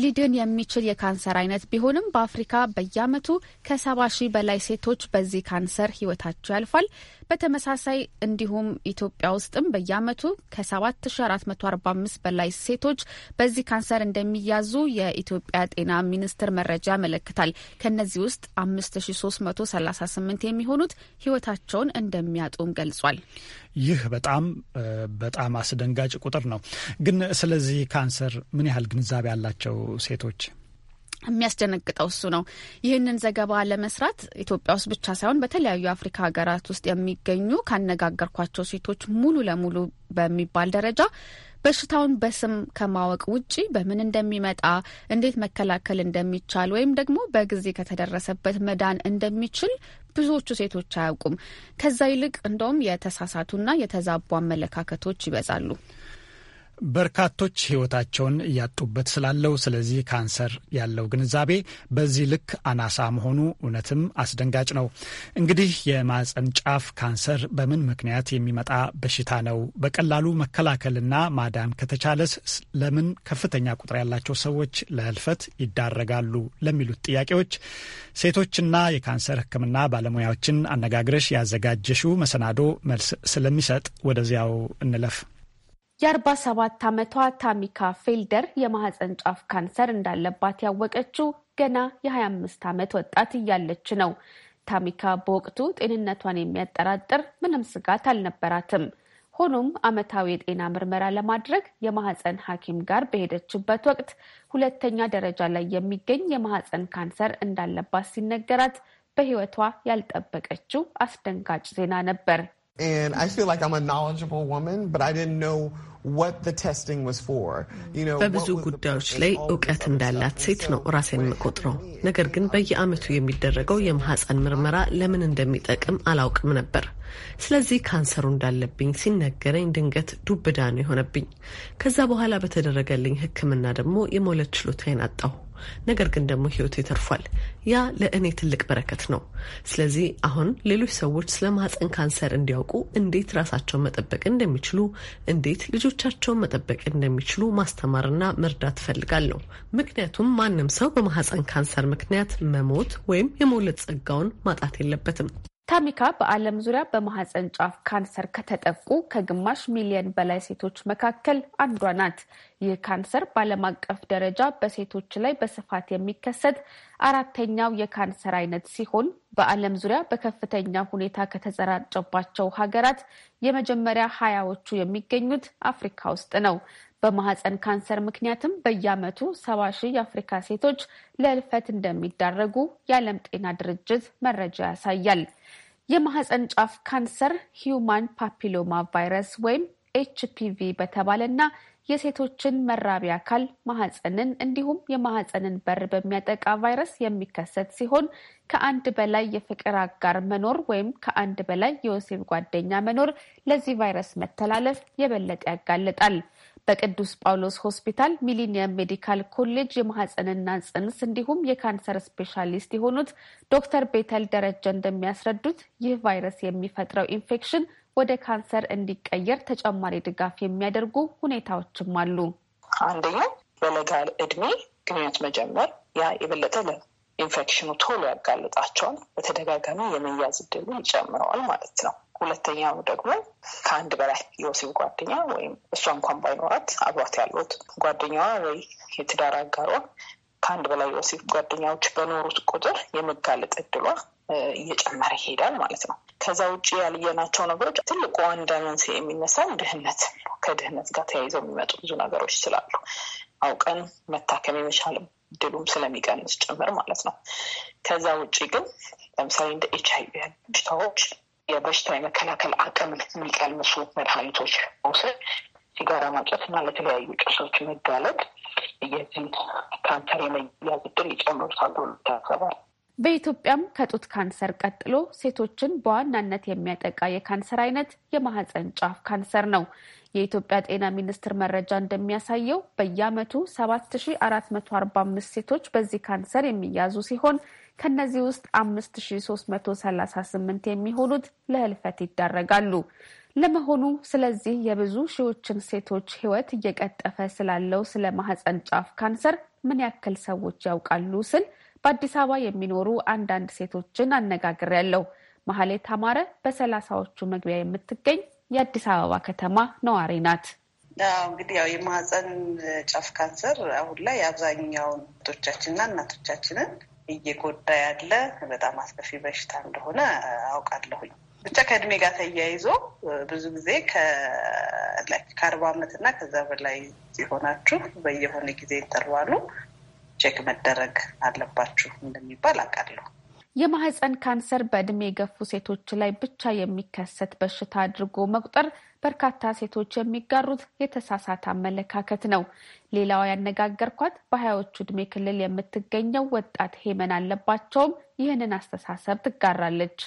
[SPEAKER 2] ሊድን የሚችል የካንሰር አይነት ቢሆንም በአፍሪካ በየዓመቱ ከሰባ ሺህ በላይ ሴቶች በዚህ ካንሰር ህይወታቸው ያልፋል። በተመሳሳይ እንዲሁም ኢትዮጵያ ውስጥም በየዓመቱ ከ7445 በላይ ሴቶች በዚህ ካንሰር እንደሚያዙ የኢትዮጵያ ጤና ሚኒስቴር መረጃ ያመለክታል። ከነዚህ ውስጥ 5338 የሚሆኑት ህይወታቸውን እንደሚያጡም ገልጿል።
[SPEAKER 1] ይህ በጣም በጣም አስደንጋጭ ቁጥር ነው። ግን ስለዚህ ካንሰር ምን ያህል ግንዛቤ ያላቸው ሴቶች
[SPEAKER 2] የሚያስደነግጠው እሱ ነው። ይህንን ዘገባ ለመስራት ኢትዮጵያ ውስጥ ብቻ ሳይሆን በተለያዩ የአፍሪካ ሀገራት ውስጥ የሚገኙ ካነጋገርኳቸው ሴቶች ሙሉ ለሙሉ በሚባል ደረጃ በሽታውን በስም ከማወቅ ውጪ በምን እንደሚመጣ እንዴት መከላከል እንደሚቻል ወይም ደግሞ በጊዜ ከተደረሰበት መዳን እንደሚችል ብዙዎቹ ሴቶች አያውቁም። ከዛ ይልቅ እንደውም የተሳሳቱና የተዛቡ አመለካከቶች ይበዛሉ።
[SPEAKER 1] በርካቶች ሕይወታቸውን እያጡበት ስላለው ስለዚህ ካንሰር ያለው ግንዛቤ በዚህ ልክ አናሳ መሆኑ እውነትም አስደንጋጭ ነው። እንግዲህ የማህፀን ጫፍ ካንሰር በምን ምክንያት የሚመጣ በሽታ ነው? በቀላሉ መከላከልና ማዳን ከተቻለስ ለምን ከፍተኛ ቁጥር ያላቸው ሰዎች ለህልፈት ይዳረጋሉ? ለሚሉት ጥያቄዎች ሴቶችና የካንሰር ሕክምና ባለሙያዎችን አነጋግረሽ ያዘጋጀሽው መሰናዶ መልስ ስለሚሰጥ ወደዚያው እንለፍ።
[SPEAKER 2] የአርባ ሰባት ዓመቷ ታሚካ ፌልደር የማህፀን ጫፍ ካንሰር እንዳለባት ያወቀችው ገና የሀያ አምስት ዓመት ወጣት እያለች ነው። ታሚካ በወቅቱ ጤንነቷን የሚያጠራጥር ምንም ስጋት አልነበራትም። ሆኖም ዓመታዊ የጤና ምርመራ ለማድረግ የማህፀን ሐኪም ጋር በሄደችበት ወቅት ሁለተኛ ደረጃ ላይ የሚገኝ የማህፀን ካንሰር እንዳለባት ሲነገራት በህይወቷ ያልጠበቀችው አስደንጋጭ ዜና ነበር።
[SPEAKER 5] And I
[SPEAKER 10] feel like I'm a knowledgeable woman, but I didn't know በብዙ
[SPEAKER 5] ጉዳዮች ላይ እውቀት እንዳላት ሴት ነው ራሴን የምቆጥረው። ነገር ግን በየዓመቱ የሚደረገው የማህፀን ምርመራ ለምን እንደሚጠቅም አላውቅም ነበር። ስለዚህ ካንሰሩ እንዳለብኝ ሲነገረኝ ድንገት ዱብ ነው የሆነብኝ። ከዛ በኋላ በተደረገልኝ ሕክምና ደግሞ የመውለድ ችሎታዬን አጣሁ። ነገር ግን ደግሞ ህይወቱ ይተርፏል። ያ ለእኔ ትልቅ በረከት ነው። ስለዚህ አሁን ሌሎች ሰዎች ስለ ማህፀን ካንሰር እንዲያውቁ፣ እንዴት ራሳቸውን መጠበቅ እንደሚችሉ፣ እንዴት ልጆቻቸውን መጠበቅ እንደሚችሉ ማስተማርና መርዳት እፈልጋለሁ። ምክንያቱም ማንም ሰው በማህፀን ካንሰር ምክንያት መሞት ወይም የመውለድ ጸጋውን ማጣት የለበትም።
[SPEAKER 2] ታሚካ በዓለም ዙሪያ በማህፀን ጫፍ ካንሰር ከተጠቁ ከግማሽ ሚሊየን በላይ ሴቶች መካከል አንዷ ናት። ይህ ካንሰር በዓለም አቀፍ ደረጃ በሴቶች ላይ በስፋት የሚከሰት አራተኛው የካንሰር አይነት ሲሆን በዓለም ዙሪያ በከፍተኛ ሁኔታ ከተሰራጨባቸው ሀገራት የመጀመሪያ ሀያዎቹ የሚገኙት አፍሪካ ውስጥ ነው። በማህፀን ካንሰር ምክንያትም በየዓመቱ ሰባ ሺህ የአፍሪካ ሴቶች ለልፈት እንደሚዳረጉ የዓለም ጤና ድርጅት መረጃ ያሳያል። የማህፀን ጫፍ ካንሰር ሂዩማን ፓፒሎማ ቫይረስ ወይም ኤችፒቪ በተባለና የሴቶችን መራቢያ አካል ማህፀንን እንዲሁም የማህፀንን በር በሚያጠቃ ቫይረስ የሚከሰት ሲሆን ከአንድ በላይ የፍቅር አጋር መኖር ወይም ከአንድ በላይ የወሲብ ጓደኛ መኖር ለዚህ ቫይረስ መተላለፍ የበለጠ ያጋልጣል። በቅዱስ ጳውሎስ ሆስፒታል ሚሊኒየም ሜዲካል ኮሌጅ የማህፀንና ጽንስ እንዲሁም የካንሰር ስፔሻሊስት የሆኑት ዶክተር ቤተል ደረጃ እንደሚያስረዱት ይህ ቫይረስ የሚፈጥረው ኢንፌክሽን ወደ ካንሰር እንዲቀየር ተጨማሪ ድጋፍ የሚያደርጉ ሁኔታዎችም አሉ።
[SPEAKER 4] አንደኛው በለጋ እድሜ ግንኙነት መጀመር፣ ያ የበለጠ ለኢንፌክሽኑ ቶሎ ያጋልጣቸዋል። በተደጋጋሚ የመያዝ እድሉ ይጨምረዋል ማለት ነው። ሁለተኛው ደግሞ ከአንድ በላይ የወሲብ ጓደኛ ወይም እሷ እንኳን ባይኖራት አብሯት ያሉት ጓደኛዋ ወይ የትዳር አጋሯ ከአንድ በላይ የወሲብ ጓደኛዎች በኖሩት ቁጥር የመጋለጥ እድሏ እየጨመረ ይሄዳል ማለት ነው። ከዛ ውጭ ያልየናቸው ነገሮች ትልቁ አንድ መንስኤ የሚነሳው ድህነት፣ ከድህነት ጋር ተያይዘው የሚመጡ ብዙ ነገሮች ስላሉ አውቀን መታከም የመቻልም ድሉም ስለሚቀንስ ጭምር ማለት ነው። ከዛ ውጭ ግን ለምሳሌ እንደ ኤች አይ ቪ በሽታዎች የበሽታ የመከላከል አቅም የሚቀንሱ መድኃኒቶች መውሰድ፣ ሲጋራ ማጨት እና ለተለያዩ ጭሶች መጋለጥ የዚህ ካንሰር የመያዝ ዕድል ይጨምሩታል ተብሎ ይታሰባል።
[SPEAKER 2] በኢትዮጵያም ከጡት ካንሰር ቀጥሎ ሴቶችን በዋናነት የሚያጠቃ የካንሰር አይነት የማህፀን ጫፍ ካንሰር ነው። የኢትዮጵያ ጤና ሚኒስቴር መረጃ እንደሚያሳየው በየዓመቱ 7445 ሴቶች በዚህ ካንሰር የሚያዙ ሲሆን ከነዚህ ውስጥ 5338 የሚሆኑት ለህልፈት ይዳረጋሉ። ለመሆኑ ስለዚህ የብዙ ሺዎችን ሴቶች ህይወት እየቀጠፈ ስላለው ስለ ማህፀን ጫፍ ካንሰር ምን ያክል ሰዎች ያውቃሉ ስል በአዲስ አበባ የሚኖሩ አንዳንድ ሴቶችን አነጋግሬያለሁ። መሀሌ ታማረ በሰላሳዎቹ መግቢያ የምትገኝ የአዲስ አበባ ከተማ ነዋሪ ናት።
[SPEAKER 4] እንግዲህ ያው የማህፀን ጫፍ ካንሰር አሁን ላይ አብዛኛውን እህቶቻችንና እናቶቻችንን እየጎዳ ያለ በጣም አስከፊ በሽታ እንደሆነ አውቃለሁኝ። ብቻ ከእድሜ ጋር ተያይዞ ብዙ ጊዜ ከአርባ አመት እና ከዛ በላይ ሲሆናችሁ በየሆነ ጊዜ ይጠርባሉ ቼክ መደረግ አለባችሁ እንደሚባል አውቃለሁ።
[SPEAKER 2] የማህፀን ካንሰር በእድሜ የገፉ ሴቶች ላይ ብቻ የሚከሰት በሽታ አድርጎ መቁጠር በርካታ ሴቶች የሚጋሩት የተሳሳተ አመለካከት ነው። ሌላዋ ያነጋገርኳት በሀያዎቹ እድሜ ክልል የምትገኘው ወጣት ሄመን አለባቸውም ይህንን አስተሳሰብ ትጋራለች።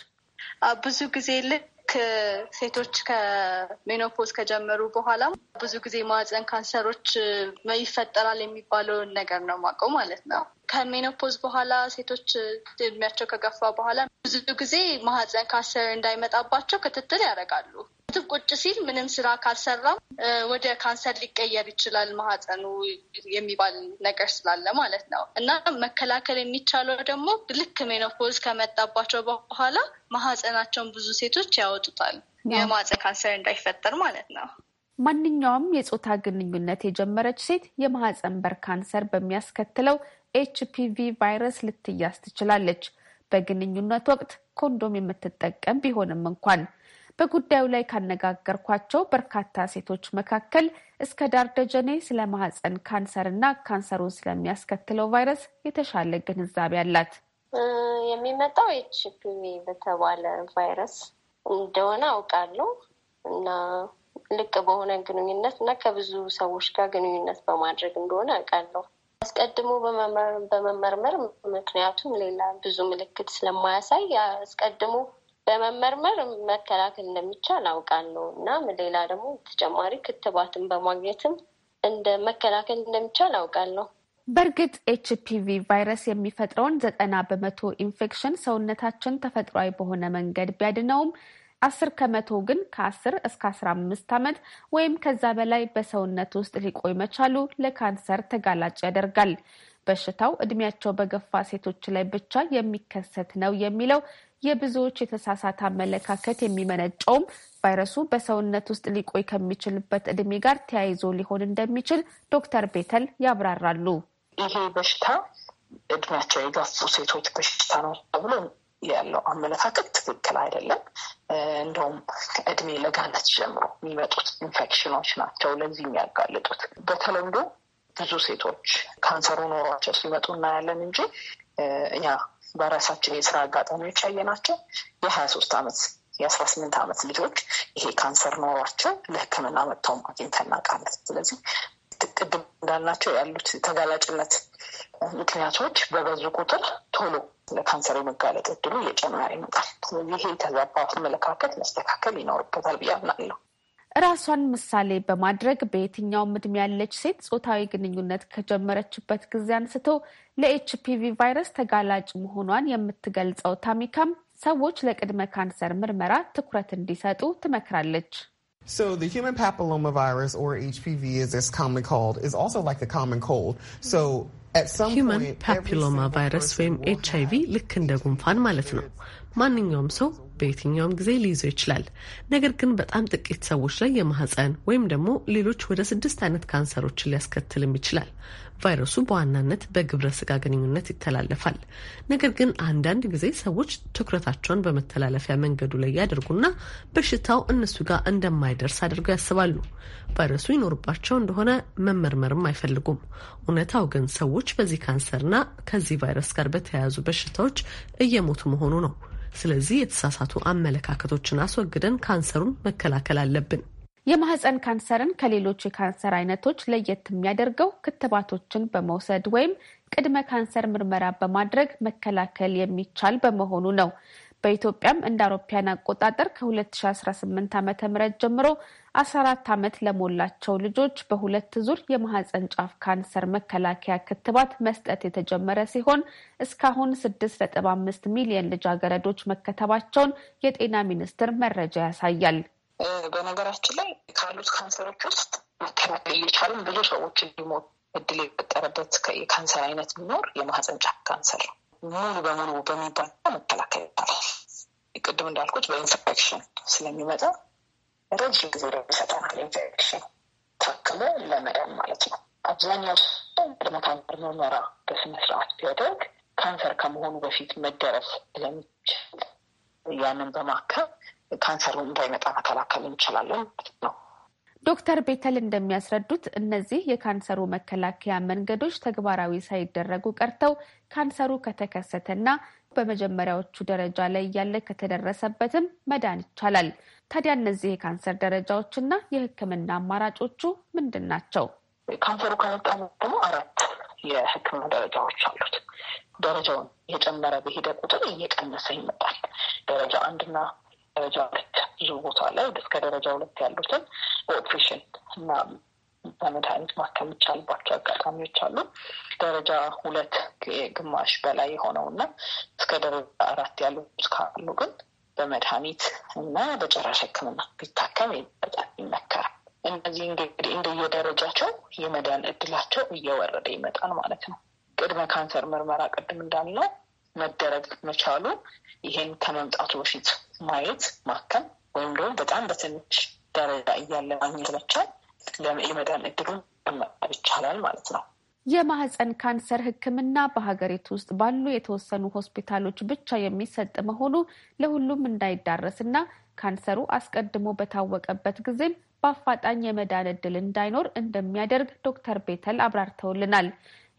[SPEAKER 12] ብዙ ጊዜ ልክ ሴቶች ከሜኖፖዝ ከጀመሩ በኋላ ብዙ ጊዜ ማህፀን ካንሰሮች ይፈጠራል የሚባለውን ነገር ነው ማቀው ማለት ነው። ከሜኖፖዝ በኋላ ሴቶች እድሜያቸው ከገፋ በኋላ ብዙ ጊዜ ማህፀን ካንሰር እንዳይመጣባቸው ክትትል ያደርጋሉ። ትብ ቁጭ ሲል ምንም ስራ ካልሰራም ወደ ካንሰር ሊቀየር ይችላል ማህፀኑ የሚባል ነገር ስላለ ማለት ነው። እና መከላከል የሚቻለው ደግሞ ልክ ሜኖፖዝ ከመጣባቸው በኋላ ማህፀናቸውን ብዙ ሴቶች ያወጡታል፣ የማህፀን ካንሰር እንዳይፈጠር ማለት ነው።
[SPEAKER 2] ማንኛውም የፆታ ግንኙነት የጀመረች ሴት የማህፀን በር ካንሰር በሚያስከትለው ኤችፒቪ ቫይረስ ልትያዝ ትችላለች። በግንኙነት ወቅት ኮንዶም የምትጠቀም ቢሆንም እንኳን በጉዳዩ ላይ ካነጋገርኳቸው በርካታ ሴቶች መካከል እስከ ዳር ደጀኔ ስለ ማህፀን ካንሰር እና ካንሰሩን ስለሚያስከትለው ቫይረስ የተሻለ ግንዛቤ አላት።
[SPEAKER 13] የሚመጣው ኤች ፒ ቪ በተባለ ቫይረስ እንደሆነ አውቃለሁ እና ልቅ በሆነ ግንኙነት እና ከብዙ ሰዎች ጋር ግንኙነት በማድረግ እንደሆነ አውቃለሁ። አስቀድሞ በመመርመር ምክንያቱም ሌላ ብዙ ምልክት ስለማያሳይ አስቀድሞ በመመርመር መከላከል እንደሚቻል አውቃለሁ እና ሌላ ደግሞ ተጨማሪ ክትባትን በማግኘትም እንደ መከላከል እንደሚቻል አውቃለሁ።
[SPEAKER 2] በእርግጥ ኤችፒቪ ቫይረስ የሚፈጥረውን ዘጠና በመቶ ኢንፌክሽን ሰውነታችን ተፈጥሯዊ በሆነ መንገድ ቢያድነውም አስር ከመቶ ግን ከአስር እስከ አስራ አምስት ዓመት ወይም ከዛ በላይ በሰውነት ውስጥ ሊቆይ መቻሉ ለካንሰር ተጋላጭ ያደርጋል። በሽታው እድሜያቸው በገፋ ሴቶች ላይ ብቻ የሚከሰት ነው የሚለው የብዙዎች የተሳሳተ አመለካከት የሚመነጨውም ቫይረሱ በሰውነት ውስጥ ሊቆይ ከሚችልበት እድሜ ጋር ተያይዞ ሊሆን እንደሚችል ዶክተር ቤተል ያብራራሉ።
[SPEAKER 4] ይሄ በሽታ እድሜያቸው የገፉ ሴቶች በሽታ ነው ተብሎ ያለው አመለካከት ትክክል አይደለም። እንደውም እድሜ ለጋነት ጀምሮ የሚመጡት ኢንፌክሽኖች ናቸው ለዚህ የሚያጋልጡት። በተለምዶ ብዙ ሴቶች ካንሰሩ ኖሯቸው ሲመጡ እናያለን እንጂ እኛ በራሳችን የስራ አጋጣሚዎች ያየናቸው የሀያ ሶስት አመት የአስራ ስምንት አመት ልጆች ይሄ ካንሰር ኖሯቸው ለህክምና መጥተው ማግኘት እናውቃለን። ስለዚህ ቅድም እንዳልናቸው ያሉት ተጋላጭነት ምክንያቶች በበዙ ቁጥር ቶሎ ለካንሰር የመጋለጥ እድሉ እየጨመረ ይመጣል። ስለዚህ ይሄ ተዛባ አመለካከት መስተካከል ይኖርበታል ብዬ አምናለሁ።
[SPEAKER 2] ራሷን ምሳሌ በማድረግ በየትኛውም እድሜ ያለች ሴት ጾታዊ ግንኙነት ከጀመረችበት ጊዜ አንስቶ ለኤችፒቪ ቫይረስ ተጋላጭ መሆኗን የምትገልጸው ታሚካም ሰዎች ለቅድመ ካንሰር ምርመራ ትኩረት እንዲሰጡ ትመክራለች።
[SPEAKER 10] So the human or HPV as it's commonly called is also like the common cold. So
[SPEAKER 5] ቫይረስ ወይም ኤች አይቪ ልክ እንደ ጉንፋን ማለት ነው። ማንኛውም ሰው በየትኛውም ጊዜ ሊይዘው ይችላል። ነገር ግን በጣም ጥቂት ሰዎች ላይ የማህፀን ወይም ደግሞ ሌሎች ወደ ስድስት አይነት ካንሰሮችን ሊያስከትልም ይችላል። ቫይረሱ በዋናነት በግብረ ስጋ ግንኙነት ይተላለፋል። ነገር ግን አንዳንድ ጊዜ ሰዎች ትኩረታቸውን በመተላለፊያ መንገዱ ላይ ያደርጉና በሽታው እነሱ ጋር እንደማይደርስ አድርገው ያስባሉ። ቫይረሱ ይኖርባቸው እንደሆነ መመርመርም አይፈልጉም። እውነታው ግን ሰዎች በዚህ ካንሰርና ከዚህ ቫይረስ ጋር በተያያዙ በሽታዎች እየሞቱ መሆኑ ነው። ስለዚህ የተሳሳቱ አመለካከቶችን አስወግደን ካንሰሩን መከላከል አለብን።
[SPEAKER 2] የማህፀን ካንሰርን ከሌሎች የካንሰር አይነቶች ለየት የሚያደርገው ክትባቶችን በመውሰድ ወይም ቅድመ ካንሰር ምርመራ በማድረግ መከላከል የሚቻል በመሆኑ ነው። በኢትዮጵያም እንደ አውሮፓያን አቆጣጠር ከ2018 ዓ ም ጀምሮ አስራ አራት ዓመት ለሞላቸው ልጆች በሁለት ዙር የማህፀን ጫፍ ካንሰር መከላከያ ክትባት መስጠት የተጀመረ ሲሆን እስካሁን ስድስት ነጥብ አምስት ሚሊየን ልጃገረዶች መከተባቸውን የጤና ሚኒስቴር መረጃ ያሳያል።
[SPEAKER 4] በነገራችን ላይ ካሉት ካንሰሮች ውስጥ መከላከል እየቻሉም ብዙ ሰዎች እንዲሞቱ እድል የፈጠረበት የካንሰር አይነት ቢኖር የማህፀን ጫፍ ካንሰር ሙሉ በሙሉ በሚባል መከላከል ይቻላል። ቅድም እንዳልኩት በኢንፌክሽን ስለሚመጣ ረጅም ጊዜ ይሰጠናል። ኢንፌክሽን ታክሞ ለመዳን ማለት ነው። አብዛኛው ሰው ቅድመ ካንሰር ምርመራ በስነ ስርዓት ቢያደርግ ካንሰር ከመሆኑ በፊት መደረስ ለሚችል ያንን በማከም ካንሰሩ እንዳይመጣ መከላከል እንችላለን ማለት ነው።
[SPEAKER 2] ዶክተር ቤተል እንደሚያስረዱት እነዚህ የካንሰሩ መከላከያ መንገዶች ተግባራዊ ሳይደረጉ ቀርተው ካንሰሩ ከተከሰተና በመጀመሪያዎቹ ደረጃ ላይ እያለ ከተደረሰበትም መዳን ይቻላል። ታዲያ እነዚህ የካንሰር ደረጃዎችና የሕክምና አማራጮቹ ምንድን ናቸው? ካንሰሩ ከመጣ ደግሞ አራት
[SPEAKER 4] የሕክምና ደረጃዎች አሉት። ደረጃውን የጨመረ በሄደ ቁጥር እየቀነሰ ይመጣል። ደረጃ አንድና ደረጃ ሁለት ብዙ ቦታ ላይ እስከ ደረጃ ሁለት ያሉትን በኦፕሬሽን እና በመድኃኒት ማከም ይቻልባቸው አጋጣሚዎች አሉ። ደረጃ ሁለት ግማሽ በላይ የሆነው እና እስከ ደረጃ አራት ያሉ ካሉ ግን በመድኃኒት እና በጨራሽ ሕክምና ቢታከም በጣም ይመከራል። እነዚህ እንግዲህ እንደየደረጃቸው የመዳን እድላቸው እየወረደ ይመጣል ማለት ነው። ቅድመ ካንሰር ምርመራ ቅድም እንዳልነው መደረግ መቻሉ ይሄን ከመምጣቱ በፊት ማየት ማከም ወይም ደግሞ በጣም በትንሽ ደረጃ እያለ ማግኘት መቻል የመዳን እድሉን ይቻላል ማለት ነው።
[SPEAKER 2] የማህፀን ካንሰር ሕክምና በሀገሪቱ ውስጥ ባሉ የተወሰኑ ሆስፒታሎች ብቻ የሚሰጥ መሆኑ ለሁሉም እንዳይዳረስ እና ካንሰሩ አስቀድሞ በታወቀበት ጊዜም በአፋጣኝ የመዳን እድል እንዳይኖር እንደሚያደርግ ዶክተር ቤተል አብራርተውልናል።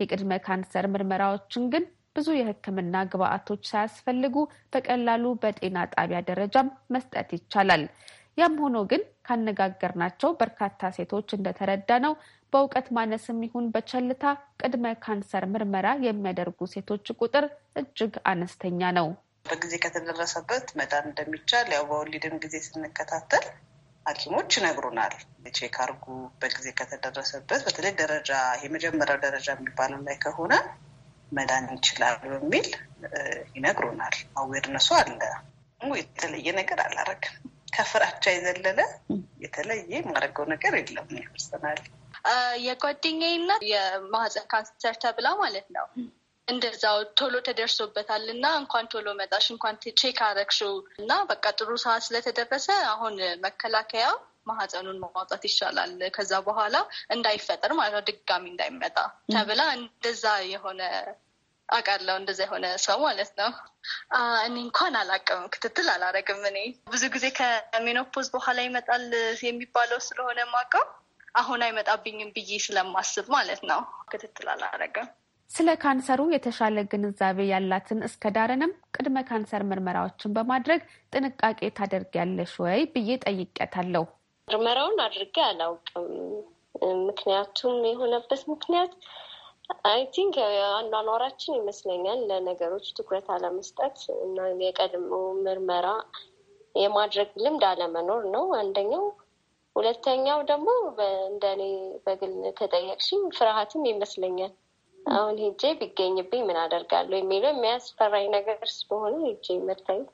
[SPEAKER 2] የቅድመ ካንሰር ምርመራዎችን ግን ብዙ የህክምና ግብአቶች ሳያስፈልጉ በቀላሉ በጤና ጣቢያ ደረጃም መስጠት ይቻላል። ያም ሆኖ ግን ካነጋገርናቸው በርካታ ሴቶች እንደተረዳ ነው በእውቀት ማነስም ይሁን በቸልታ ቅድመ ካንሰር ምርመራ የሚያደርጉ ሴቶች ቁጥር እጅግ አነስተኛ ነው።
[SPEAKER 4] በጊዜ ከተደረሰበት መዳን እንደሚቻል ያው በወሊድም ጊዜ ስንከታተል ሐኪሞች ይነግሩናል። ቼክ አርጉ፣ በጊዜ ከተደረሰበት በተለይ ደረጃ የመጀመሪያው ደረጃ የሚባለው ላይ ከሆነ መዳን ይችላል በሚል ይነግሩናል። አዌርነሱ አለ። የተለየ ነገር አላረግም። ከፍራቻ የዘለለ የተለየ የማደርገው ነገር የለም። ፐርሰናል
[SPEAKER 12] የጓደኛዬና የማህፀን ካንሰር ተብላ ማለት ነው እንደዛው ቶሎ ተደርሶበታል እና እንኳን ቶሎ መጣሽ እንኳን ቼክ አረግሽው እና በቃ ጥሩ ሰዓት ስለተደረሰ አሁን መከላከያ ማህፀኑን ማውጣት ይሻላል ከዛ በኋላ እንዳይፈጠር ማለት ነው ድጋሚ እንዳይመጣ ተብላ እንደዛ የሆነ አውቃለሁ እንደዛ የሆነ ሰው ማለት ነው። እኔ እንኳን አላውቅም፣ ክትትል አላረግም። እኔ ብዙ ጊዜ ከሜኖፖዝ በኋላ ይመጣል የሚባለው ስለሆነ ማቀው አሁን አይመጣብኝም ብዬ ስለማስብ ማለት ነው ክትትል አላረግም።
[SPEAKER 2] ስለ ካንሰሩ የተሻለ ግንዛቤ ያላትን እስከ ዳረንም ቅድመ ካንሰር ምርመራዎችን በማድረግ ጥንቃቄ ታደርጊያለሽ ወይ ብዬ ጠይቄያታለሁ።
[SPEAKER 13] ምርመራውን አድርጌ አላውቅም። ምክንያቱም የሆነበት ምክንያት አይ ቲንክ አኗኗራችን ይመስለኛል ለነገሮች ትኩረት አለመስጠት እና የቀድሞ ምርመራ የማድረግ ልምድ አለመኖር ነው አንደኛው። ሁለተኛው ደግሞ እንደኔ በግል ከጠየቅሽኝ ፍርሃትም ይመስለኛል። አሁን ሄጄ ቢገኝብኝ ምን አደርጋለሁ የሚለው የሚያስፈራኝ ነገር ስለሆነ ሄጄ መታየት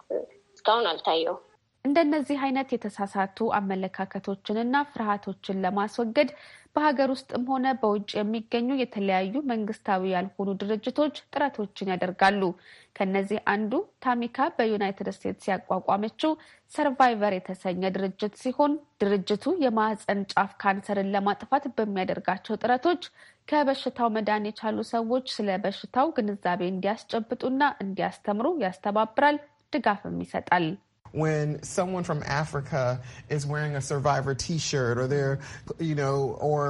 [SPEAKER 13] እስካሁን አልታየውም።
[SPEAKER 2] እንደነዚህ አይነት የተሳሳቱ አመለካከቶችንና ፍርሃቶችን ለማስወገድ በሀገር ውስጥም ሆነ በውጭ የሚገኙ የተለያዩ መንግስታዊ ያልሆኑ ድርጅቶች ጥረቶችን ያደርጋሉ። ከነዚህ አንዱ ታሚካ በዩናይትድ ስቴትስ ያቋቋመችው ሰርቫይቨር የተሰኘ ድርጅት ሲሆን ድርጅቱ የማህፀን ጫፍ ካንሰርን ለማጥፋት በሚያደርጋቸው ጥረቶች ከበሽታው መዳን የቻሉ ሰዎች ስለ በሽታው ግንዛቤ እንዲያስጨብጡና እንዲያስተምሩ ያስተባብራል፣ ድጋፍም ይሰጣል።
[SPEAKER 10] when someone from Africa is wearing a survivor T-shirt or they're, you know,
[SPEAKER 5] or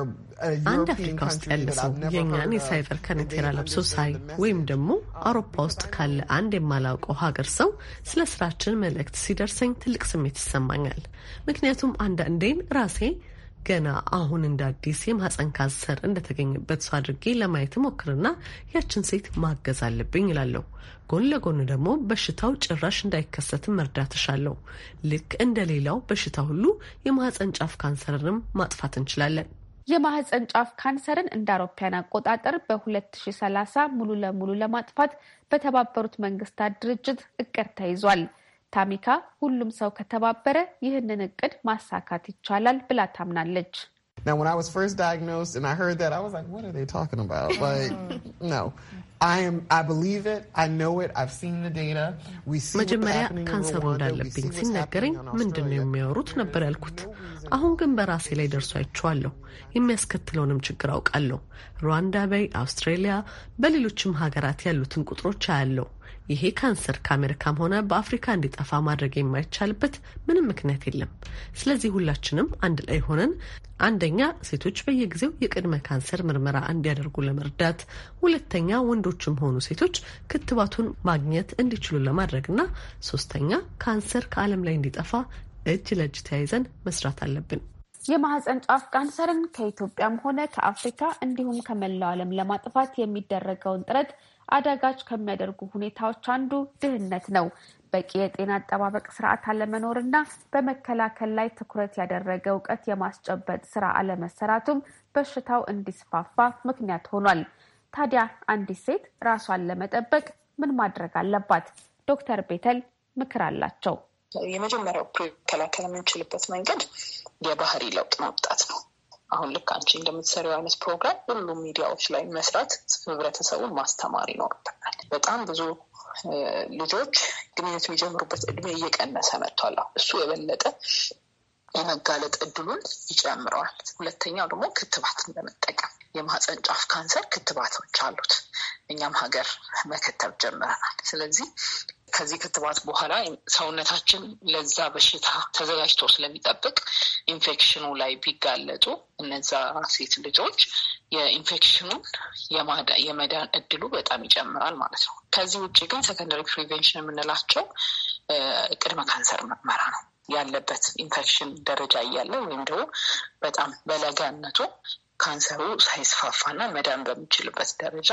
[SPEAKER 5] አንድ አፍሪካ ውስጥ ያለ ሰው የእኛን የሳይበር ከነቴራ ለብሶ ሳይ ወይም ደግሞ አውሮፓ ውስጥ ካለ አንድ የማላውቀው ሀገር ሰው ስለ ስራችን መልእክት ሲደርሰኝ ትልቅ ስሜት ይሰማኛል። ምክንያቱም አንዳንዴን ራሴ ገና አሁን እንደ አዲስ የማህፀን ካንሰር እንደተገኘበት ሰው አድርጌ ለማየት ሞክርና ያችን ሴት ማገዝ አለብኝ ይላለሁ። ጎን ለጎን ደግሞ በሽታው ጭራሽ እንዳይከሰትም መርዳት እሻለሁ። ልክ እንደ ሌላው በሽታ ሁሉ የማህፀን ጫፍ ካንሰርንም ማጥፋት እንችላለን።
[SPEAKER 2] የማህፀን ጫፍ ካንሰርን እንደ አውሮፓያን አቆጣጠር በ2030 ሙሉ ለሙሉ ለማጥፋት በተባበሩት መንግስታት ድርጅት እቅድ ተይዟል። ታሚካ ሁሉም ሰው ከተባበረ ይህንን እቅድ ማሳካት ይቻላል ብላ ታምናለች። mm.
[SPEAKER 10] መጀመሪያ ካንሰሩ እንዳለብኝ
[SPEAKER 5] ሲነገረኝ ምንድን ነው የሚያወሩት ነበር ያልኩት። አሁን ግን በራሴ ላይ ደርሶ አይቼዋለሁ። የሚያስከትለውንም ችግር አውቃለሁ። ሩዋንዳ በይ አውስትሬሊያ፣ በሌሎችም ሀገራት ያሉትን ቁጥሮች አያለሁ። ይሄ ካንሰር ከአሜሪካም ሆነ በአፍሪካ እንዲጠፋ ማድረግ የማይቻልበት ምንም ምክንያት የለም። ስለዚህ ሁላችንም አንድ ላይ ሆነን አንደኛ ሴቶች በየጊዜው የቅድመ ካንሰር ምርመራ እንዲያደርጉ ለመርዳት፣ ሁለተኛ ወንዶችም ሆኑ ሴቶች ክትባቱን ማግኘት እንዲችሉ ለማድረግ እና ሶስተኛ ካንሰር ከዓለም ላይ እንዲጠፋ እጅ ለእጅ ተያይዘን መስራት አለብን።
[SPEAKER 2] የማህፀን ጫፍ ካንሰርን ከኢትዮጵያም ሆነ ከአፍሪካ እንዲሁም ከመላው ዓለም ለማጥፋት የሚደረገውን ጥረት አዳጋች ከሚያደርጉ ሁኔታዎች አንዱ ድህነት ነው። በቂ የጤና አጠባበቅ ስርዓት አለመኖርና በመከላከል ላይ ትኩረት ያደረገ እውቀት የማስጨበጥ ስራ አለመሰራቱም በሽታው እንዲስፋፋ ምክንያት ሆኗል። ታዲያ አንዲት ሴት ራሷን ለመጠበቅ ምን ማድረግ አለባት? ዶክተር ቤተል ምክር አላቸው።
[SPEAKER 4] የመጀመሪያው መከላከል የምንችልበት መንገድ የባህሪ ለውጥ ማምጣት ነው። አሁን ልክ አንቺ እንደምትሰሪው አይነት ፕሮግራም ሁሉም ሚዲያዎች ላይ መስራት ህብረተሰቡን ማስተማር ይኖርብናል። በጣም ብዙ ልጆች ግንኙነት የሚጀምሩበት እድሜ እየቀነሰ መጥቷል። እሱ የበለጠ የመጋለጥ እድሉን ይጨምረዋል። ሁለተኛው ደግሞ ክትባትን በመጠቀም የማህፀን ጫፍ ካንሰር ክትባቶች አሉት። እኛም ሀገር መከተብ ጀምረናል። ስለዚህ ከዚህ ክትባት በኋላ ሰውነታችን ለዛ በሽታ ተዘጋጅቶ ስለሚጠብቅ ኢንፌክሽኑ ላይ ቢጋለጡ እነዛ ሴት ልጆች የኢንፌክሽኑን የመዳን እድሉ በጣም ይጨምራል ማለት ነው። ከዚህ ውጭ ግን ሰከንደሪ ፕሪቬንሽን የምንላቸው ቅድመ ካንሰር ምርመራ ነው ያለበት ኢንፌክሽን ደረጃ እያለ ወይም ደግሞ በጣም በለጋነቱ ካንሰሩ ሳይስፋፋና መዳን በሚችልበት ደረጃ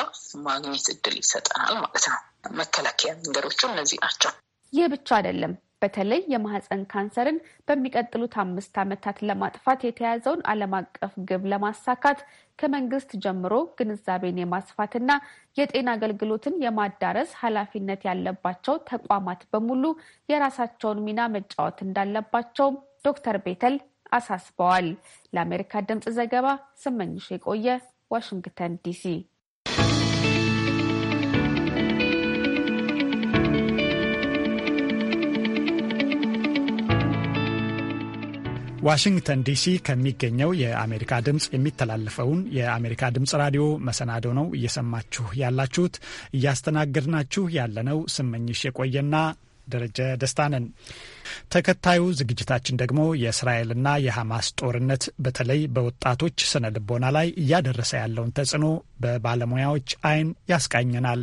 [SPEAKER 4] ማግኘት እድል ይሰጠናል ማለት ነው። መከላከያ መንገዶቹ እነዚህ ናቸው።
[SPEAKER 2] ይህ ብቻ አይደለም። በተለይ የማህፀን ካንሰርን በሚቀጥሉት አምስት ዓመታት ለማጥፋት የተያዘውን ዓለም አቀፍ ግብ ለማሳካት ከመንግስት ጀምሮ ግንዛቤን የማስፋትና የጤና አገልግሎትን የማዳረስ ኃላፊነት ያለባቸው ተቋማት በሙሉ የራሳቸውን ሚና መጫወት እንዳለባቸውም ዶክተር ቤተል አሳስበዋል። ለአሜሪካ ድምፅ ዘገባ ስመኝሽ የቆየ ዋሽንግተን ዲሲ።
[SPEAKER 1] ዋሽንግተን ዲሲ ከሚገኘው የአሜሪካ ድምፅ የሚተላለፈውን የአሜሪካ ድምፅ ራዲዮ መሰናዶ ነው እየሰማችሁ ያላችሁት። እያስተናገድናችሁ ያለነው ስመኝሽ የቆየና ደረጀ ደስታ ነን። ተከታዩ ዝግጅታችን ደግሞ የእስራኤልና የሐማስ ጦርነት በተለይ በወጣቶች ስነ ልቦና ላይ እያደረሰ ያለውን ተጽዕኖ በባለሙያዎች አይን ያስቃኘናል።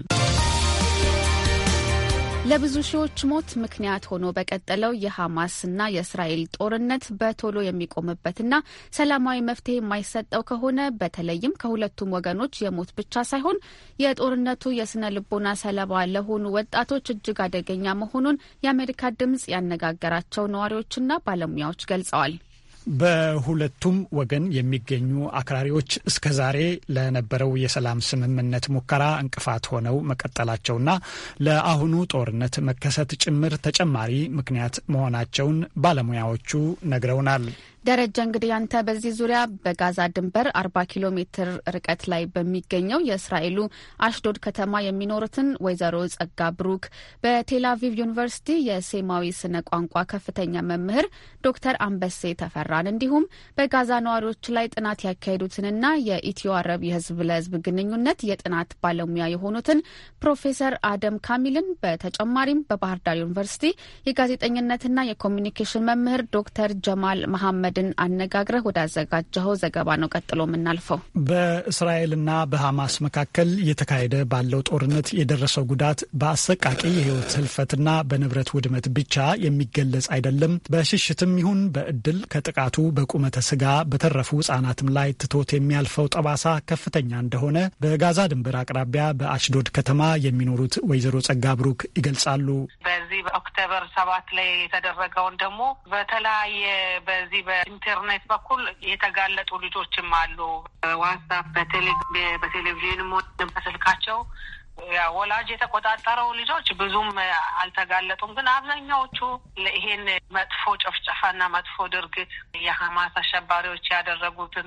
[SPEAKER 2] ለብዙ ሺዎች ሞት ምክንያት ሆኖ በቀጠለው የሐማስና የእስራኤል ጦርነት በቶሎ የሚቆምበትና ሰላማዊ መፍትሄ የማይሰጠው ከሆነ በተለይም ከሁለቱም ወገኖች የሞት ብቻ ሳይሆን የጦርነቱ የስነ ልቦና ሰለባ ለሆኑ ወጣቶች እጅግ አደገኛ መሆኑን የአሜሪካ ድምጽ ያነጋገራቸው ነዋሪዎችና ባለሙያዎች ገልጸዋል።
[SPEAKER 1] በሁለቱም ወገን የሚገኙ አክራሪዎች እስከዛሬ ለነበረው የሰላም ስምምነት ሙከራ እንቅፋት ሆነው መቀጠላቸውና ለአሁኑ ጦርነት መከሰት ጭምር ተጨማሪ ምክንያት መሆናቸውን ባለሙያዎቹ ነግረውናል።
[SPEAKER 2] ደረጃ እንግዲህ አንተ በዚህ ዙሪያ በጋዛ ድንበር አርባ ኪሎ ሜትር ርቀት ላይ በሚገኘው የእስራኤሉ አሽዶድ ከተማ የሚኖሩትን ወይዘሮ ጸጋ ብሩክ በቴላቪቭ ዩኒቨርሲቲ የሴማዊ ስነ ቋንቋ ከፍተኛ መምህር ዶክተር አንበሴ ተፈራን እንዲሁም በጋዛ ነዋሪዎች ላይ ጥናት ያካሄዱትንና የኢትዮ አረብ የህዝብ ለህዝብ ግንኙነት የጥናት ባለሙያ የሆኑትን ፕሮፌሰር አደም ካሚልን በተጨማሪም በባህር ዳር ዩኒቨርሲቲ የጋዜጠኝነትና የኮሚኒኬሽን መምህር ዶክተር ጀማል መሐመድ ገብረመድህን አነጋግረህ ወዳዘጋጀኸው ዘገባ ነው ቀጥሎ የምናልፈው።
[SPEAKER 1] በእስራኤልና በሐማስ መካከል እየተካሄደ ባለው ጦርነት የደረሰው ጉዳት በአሰቃቂ የህይወት ህልፈትና በንብረት ውድመት ብቻ የሚገለጽ አይደለም። በሽሽትም ይሁን በእድል ከጥቃቱ በቁመተ ስጋ በተረፉ ህጻናትም ላይ ትቶት የሚያልፈው ጠባሳ ከፍተኛ እንደሆነ በጋዛ ድንበር አቅራቢያ በአሽዶድ ከተማ የሚኖሩት ወይዘሮ ጸጋ ብሩክ ይገልጻሉ። በዚህ በኦክቶበር ሰባት ላይ የተደረገውን ደግሞ በተለያየ
[SPEAKER 4] በዚህ በኢንተርኔት በኩል የተጋለጡ ልጆችም አሉ። ዋትሳፕ፣ በቴሌቪዥንም በስልካቸው ወላጅ የተቆጣጠረው ልጆች ብዙም አልተጋለጡም። ግን አብዛኛዎቹ ይሄን መጥፎ ጭፍጨፋና መጥፎ ድርግት የሀማስ አሸባሪዎች ያደረጉትን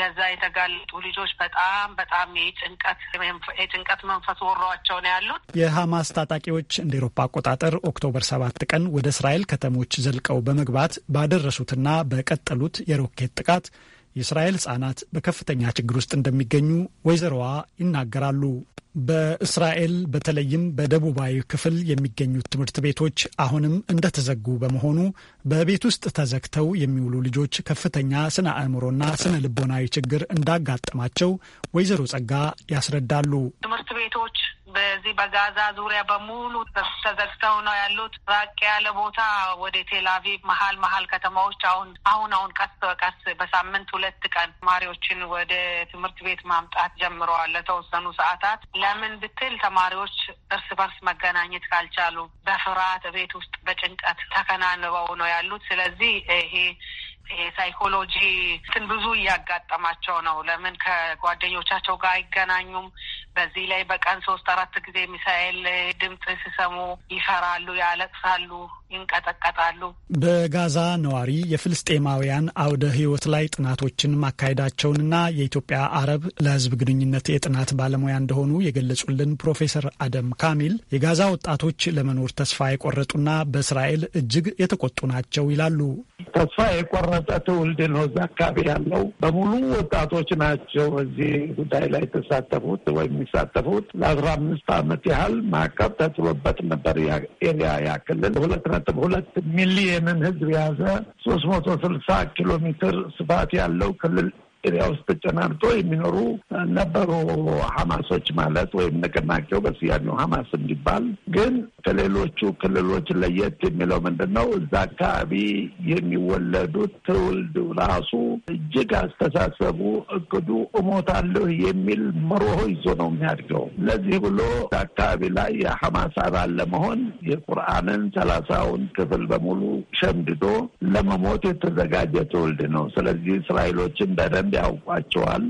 [SPEAKER 4] ለዛ የተጋለጡ ልጆች በጣም በጣም የጭንቀት የጭንቀት መንፈስ ወሯቸው ነው ያሉት።
[SPEAKER 1] የሀማስ ታጣቂዎች እንደ ኤሮፓ አቆጣጠር ኦክቶበር ሰባት ቀን ወደ እስራኤል ከተሞች ዘልቀው በመግባት ባደረሱትና በቀጠሉት የሮኬት ጥቃት የእስራኤል ህጻናት በከፍተኛ ችግር ውስጥ እንደሚገኙ ወይዘሮዋ ይናገራሉ። በእስራኤል በተለይም በደቡባዊ ክፍል የሚገኙት ትምህርት ቤቶች አሁንም እንደተዘጉ በመሆኑ በቤት ውስጥ ተዘግተው የሚውሉ ልጆች ከፍተኛ ስነ አእምሮና ስነ ልቦናዊ ችግር እንዳጋጠማቸው ወይዘሮ ጸጋ ያስረዳሉ። ትምህርት ቤቶች በዚህ በጋዛ ዙሪያ በሙሉ
[SPEAKER 4] ተዘግተው ነው ያሉት። ራቅ ያለ ቦታ ወደ ቴላቪቭ መሀል መሀል ከተማዎች አሁን አሁን አሁን ቀስ በቀስ በሳምንት ሁለት ቀን ተማሪዎችን ወደ ትምህርት ቤት ማምጣት ጀምረዋል ለተወሰኑ ሰዓታት። ለምን ብትል ተማሪዎች እርስ በርስ መገናኘት ካልቻሉ በፍርሃት ቤት ውስጥ በጭንቀት ተከናንበው ነው ያሉት። ስለዚህ ይሄ የሳይኮሎጂ እንትን ብዙ እያጋጠማቸው ነው። ለምን ከጓደኞቻቸው ጋር አይገናኙም። በዚህ ላይ በቀን ሶስት አራት ጊዜ ሚሳኤል ድምፅ ሲሰሙ ይፈራሉ፣ ያለቅሳሉ፣ ይንቀጠቀጣሉ።
[SPEAKER 1] በጋዛ ነዋሪ የፍልስጤማውያን አውደ ህይወት ላይ ጥናቶችን ማካሄዳቸውንና የኢትዮጵያ አረብ ለህዝብ ግንኙነት የጥናት ባለሙያ እንደሆኑ የገለጹልን ፕሮፌሰር አደም ካሚል የጋዛ ወጣቶች ለመኖር ተስፋ የቆረጡና በእስራኤል እጅግ የተቆጡ
[SPEAKER 6] ናቸው ይላሉ። ተስፋ የቆረ የሚመጣ ትውልድ ነው። እዛ አካባቢ ያለው በሙሉ ወጣቶች ናቸው። በዚህ ጉዳይ ላይ የተሳተፉት ወይም የሚሳተፉት ለአስራ አምስት ዓመት ያህል ማዕቀብ ተጥሎበት ነበር። ኤሪያ ያክልል ሁለት ነጥብ ሁለት ሚሊየንን ህዝብ የያዘ ሶስት መቶ ስልሳ ኪሎ ሜትር ስፋት ያለው ክልል ሲሪያ ውስጥ ተጨናንቶ የሚኖሩ ነበሩ። ሀማሶች ማለት ወይም ንቅናቄው በስያሜው ሀማስ እንዲባል ግን ከሌሎቹ ክልሎች ለየት የሚለው ምንድን ነው? እዛ አካባቢ የሚወለዱት ትውልድ ራሱ እጅግ አስተሳሰቡ፣ እቅዱ እሞታለሁ የሚል መርሆ ይዞ ነው የሚያድገው። ለዚህ ብሎ አካባቢ ላይ የሀማስ አባል ለመሆን የቁርአንን ሰላሳውን ክፍል በሙሉ ሸምድዶ ለመሞት የተዘጋጀ ትውልድ ነው። ስለዚህ እስራኤሎችን በደንብ ያውቋቸዋል።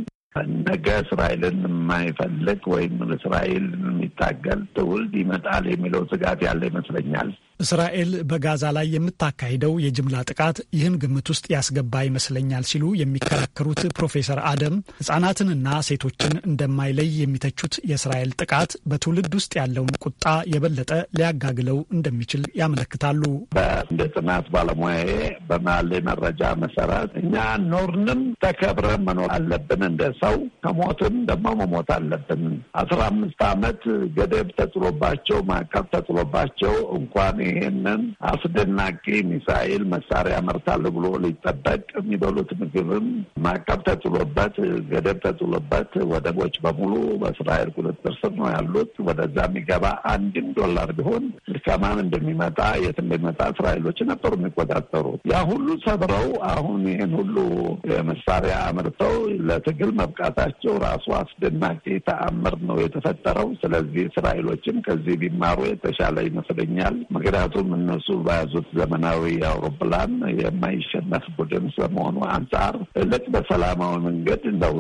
[SPEAKER 6] ነገ እስራኤልን የማይፈልግ ወይም እስራኤልን የሚታገል ትውልድ ይመጣል የሚለው ስጋት ያለ ይመስለኛል።
[SPEAKER 1] እስራኤል በጋዛ ላይ የምታካሂደው የጅምላ ጥቃት ይህን ግምት ውስጥ ያስገባ ይመስለኛል ሲሉ የሚከራከሩት ፕሮፌሰር አደም ህጻናትንና ሴቶችን እንደማይለይ የሚተቹት የእስራኤል ጥቃት በትውልድ ውስጥ ያለውን ቁጣ የበለጠ ሊያጋግለው እንደሚችል ያመለክታሉ።
[SPEAKER 6] እንደ ጥናት ባለሙያዬ በማሌ መረጃ መሰረት እኛ ኖርንም ተከብረን መኖር አለብን። እንደ ሰው ከሞትም ደግሞ መሞት አለብን። አስራ አምስት አመት ገደብ ተጥሎባቸው ማዕቀብ ተጥሎባቸው እንኳን ይሄንን አስደናቂ ሚሳኤል መሳሪያ መርታል ብሎ ሊጠበቅ የሚበሉት ምግብም ማዕቀብ ተጥሎበት ገደብ ተጥሎበት ወደቦች በሙሉ በእስራኤል ቁጥጥር ስር ነው ያሉት። ወደዛ የሚገባ አንድም ዶላር ቢሆን ከማን እንደሚመጣ የት እንደሚመጣ እስራኤሎች ነበሩ የሚቆጣጠሩት። ያ ሁሉ ሰብረው አሁን ይህን ሁሉ መሳሪያ አምርተው ለትግል መብቃታቸው ራሱ አስደናቂ ተአምር ነው የተፈጠረው። ስለ እነዚህ እስራኤሎችም ከዚህ ቢማሩ የተሻለ ይመስለኛል። ምክንያቱም እነሱ በያዙት ዘመናዊ አውሮፕላን የማይሸነፍ ቡድን ስለመሆኑ አንጻር ልክ በሰላማዊ መንገድ እንደው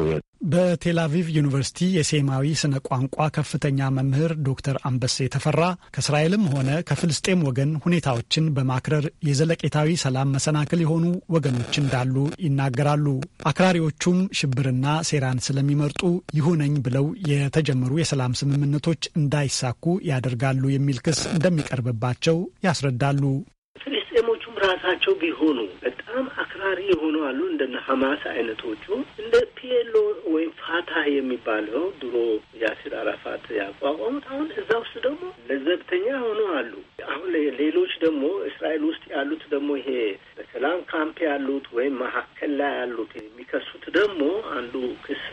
[SPEAKER 1] በቴል አቪቭ ዩኒቨርሲቲ የሴማዊ ስነ ቋንቋ ከፍተኛ መምህር ዶክተር አንበሴ ተፈራ ከእስራኤልም ሆነ ከፍልስጤም ወገን ሁኔታዎችን በማክረር የዘለቄታዊ ሰላም መሰናክል የሆኑ ወገኖች እንዳሉ ይናገራሉ። አክራሪዎቹም ሽብርና ሴራን ስለሚመርጡ ይሁነኝ ብለው የተጀመሩ የሰላም ስምምነቶች እንዳይሳኩ ያደርጋሉ የሚል ክስ እንደሚቀርብባቸው ያስረዳሉ።
[SPEAKER 14] ፍልስጤሞቹም ራሳቸው ቢሆኑ በጣም ታታሪ የሆኑ አሉ እንደነ ሀማስ አይነቶቹ እንደ ፒኤሎ ወይም ፋታ የሚባለው ድሮ ያሲር አራፋት ያቋቋሙት አሁን እዛ ውስጥ ደግሞ ለዘብተኛ ሆኖ አሉ። አሁን ሌሎች ደግሞ እስራኤል ውስጥ ያሉት ደግሞ ይሄ በሰላም ካምፕ ያሉት ወይም መካከል ላይ ያሉት የሚከሱት ደግሞ አንዱ ክስ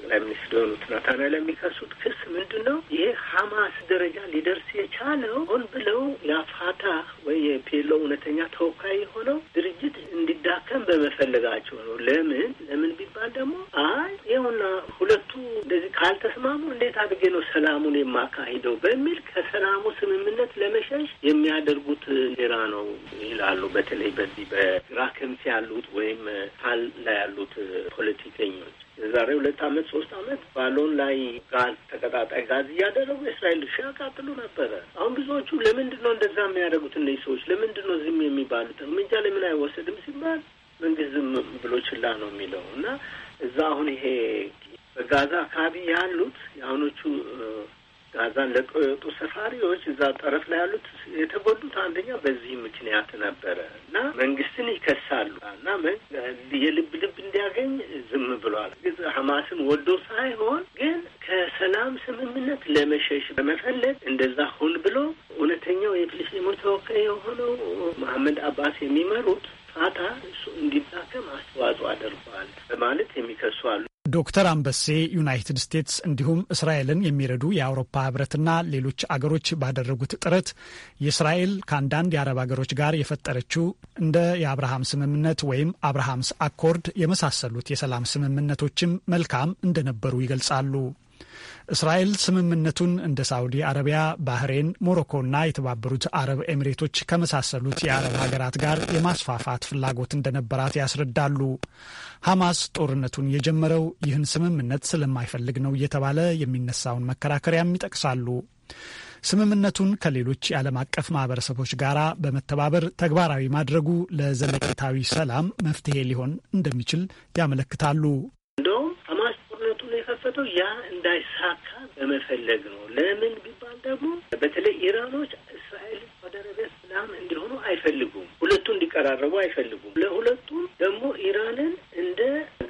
[SPEAKER 14] ጠቅላይ ሚኒስትር የሆኑት ናታንያል የሚከሱት ክስ ምንድን ነው? ይሄ ሀማስ ደረጃ ሊደርስ የቻለው ሆን ብለው ያፋታ ወይ የፒኤሎ እውነተኛ ተወካይ የሆነው እናንተም በመፈለጋችሁ ነው። ለምን ለምን ቢባል ደግሞ አይ ይኸውና ሁለቱ እንደዚህ ካልተስማሙ እንዴት አድርጌ ነው ሰላሙን የማካሂደው በሚል ከሰላሙ ስምምነት ለመሸሽ የሚያደርጉት ሴራ ነው ይላሉ። በተለይ በዚህ በግራ ክንፍ ያሉት ወይም ሀል ላይ ያሉት ፖለቲከኞች የዛሬ ሁለት አመት ሶስት አመት ባሎን ላይ ጋዝ ተቀጣጣይ ጋዝ እያደረጉ የእስራኤል እርሻ ያቃጥሉ ነበረ። አሁን ብዙዎቹ ለምንድን ነው እንደዛ የሚያደርጉት እነዚህ ሰዎች? ለምንድን ነው ዝም የሚባሉት? እርምጃ ለምን አይወሰድም? ዝም ብሎ ችላ ነው የሚለው እና እዛ አሁን ይሄ በጋዛ አካባቢ ያሉት የአሁኖቹ ጋዛን ለቀው የወጡ ሰፋሪዎች እዛ ጠረፍ ላይ ያሉት የተጎዱት አንደኛ በዚህ ምክንያት ነበረ እና መንግስትን ይከሳሉ እና የልብ ልብ እንዲያገኝ ዝም ብሏል። ሀማስን ወዶ ሳይሆን ግን ከሰላም ስምምነት ለመሸሽ በመፈለግ እንደዛ ሆን ብሎ እውነተኛው የፍልስጤሞች ተወካይ የሆነው መሐመድ አባስ የሚመሩት ፋታ እንዲ አስተዋጽኦ አድርጓል በማለት የሚከሱ አሉ።
[SPEAKER 1] ዶክተር አንበሴ ዩናይትድ ስቴትስ እንዲሁም እስራኤልን የሚረዱ የአውሮፓ ህብረትና ሌሎች አገሮች ባደረጉት ጥረት የእስራኤል ከአንዳንድ የአረብ አገሮች ጋር የፈጠረችው እንደ የአብርሃም ስምምነት ወይም አብርሃምስ አኮርድ የመሳሰሉት የሰላም ስምምነቶችም መልካም እንደነበሩ ይገልጻሉ። እስራኤል ስምምነቱን እንደ ሳዑዲ አረቢያ፣ ባህሬን፣ ሞሮኮና የተባበሩት አረብ ኤሚሬቶች ከመሳሰሉት የአረብ ሀገራት ጋር የማስፋፋት ፍላጎት እንደነበራት ያስረዳሉ። ሐማስ ጦርነቱን የጀመረው ይህን ስምምነት ስለማይፈልግ ነው እየተባለ የሚነሳውን መከራከሪያም ይጠቅሳሉ። ስምምነቱን ከሌሎች የዓለም አቀፍ ማህበረሰቦች ጋር በመተባበር ተግባራዊ ማድረጉ ለዘለቄታዊ ሰላም መፍትሄ ሊሆን እንደሚችል ያመለክታሉ።
[SPEAKER 14] የተከፈተው ያ እንዳይሳካ በመፈለግ ነው። ለምን ቢባል ደግሞ በተለይ ኢራኖች እስራኤል ወደ ረቤት ሰላም እንዲሆኑ አይፈልጉም። ሁለቱ እንዲቀራረቡ አይፈልጉም። ለሁለቱም ደግሞ ኢራንን እንደ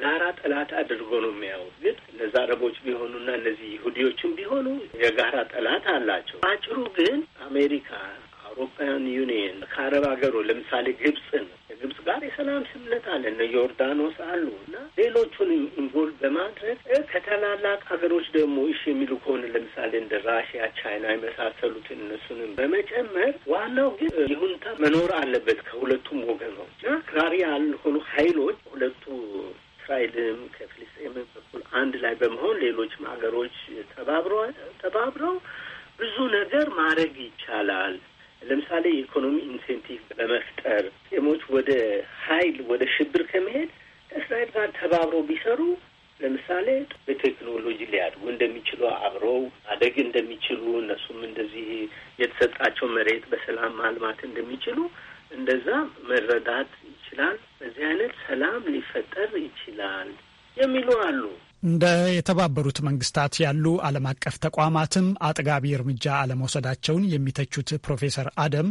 [SPEAKER 14] ጋራ ጠላት አድርጎ ነው የሚያዩት። ግን እነዚ አረቦች ቢሆኑና እነዚህ ይሁዲዎችም ቢሆኑ የጋራ ጠላት አላቸው። አጭሩ ግን አሜሪካ ከአውሮፓውያን ዩኒየን ከአረብ ሀገሩ ለምሳሌ ግብፅን ግብጽ ጋር የሰላም ስምምነት አለ። እነ ዮርዳኖስ አሉ እና ሌሎቹን ኢንቮልቭ በማድረግ ከታላላቅ ሀገሮች ደግሞ እሺ የሚሉ ከሆነ ለምሳሌ እንደ ራሽያ፣ ቻይና የመሳሰሉትን እነሱንም በመጨመር ዋናው ግን ይሁንታ መኖር አለበት ከሁለቱም ወገኖች እና ክራሪ ያልሆኑ ሀይሎች ሁለቱ ከእስራኤልም ከፍልስጤምም በኩል አንድ ላይ በመሆን ሌሎችም ሀገሮች ተባብረዋል ተባብረው ብዙ ነገር ማድረግ ይቻላል። ለምሳሌ የኢኮኖሚ ኢንሴንቲቭ በመፍጠር ጤሞች ወደ ሀይል ወደ ሽብር ከመሄድ ከእስራኤል ጋር ተባብረው ቢሰሩ ለምሳሌ በቴክኖሎጂ ሊያድጉ እንደሚችሉ አብረው ማደግ እንደሚችሉ እነሱም እንደዚህ የተሰጣቸው መሬት በሰላም ማልማት እንደሚችሉ እንደዛ መረዳት ይችላል። በዚህ አይነት ሰላም ሊፈጠር ይችላል የሚሉ አሉ።
[SPEAKER 1] እንደ የተባበሩት መንግስታት ያሉ ዓለም አቀፍ ተቋማትም አጥጋቢ እርምጃ አለመውሰዳቸውን የሚተቹት ፕሮፌሰር አደም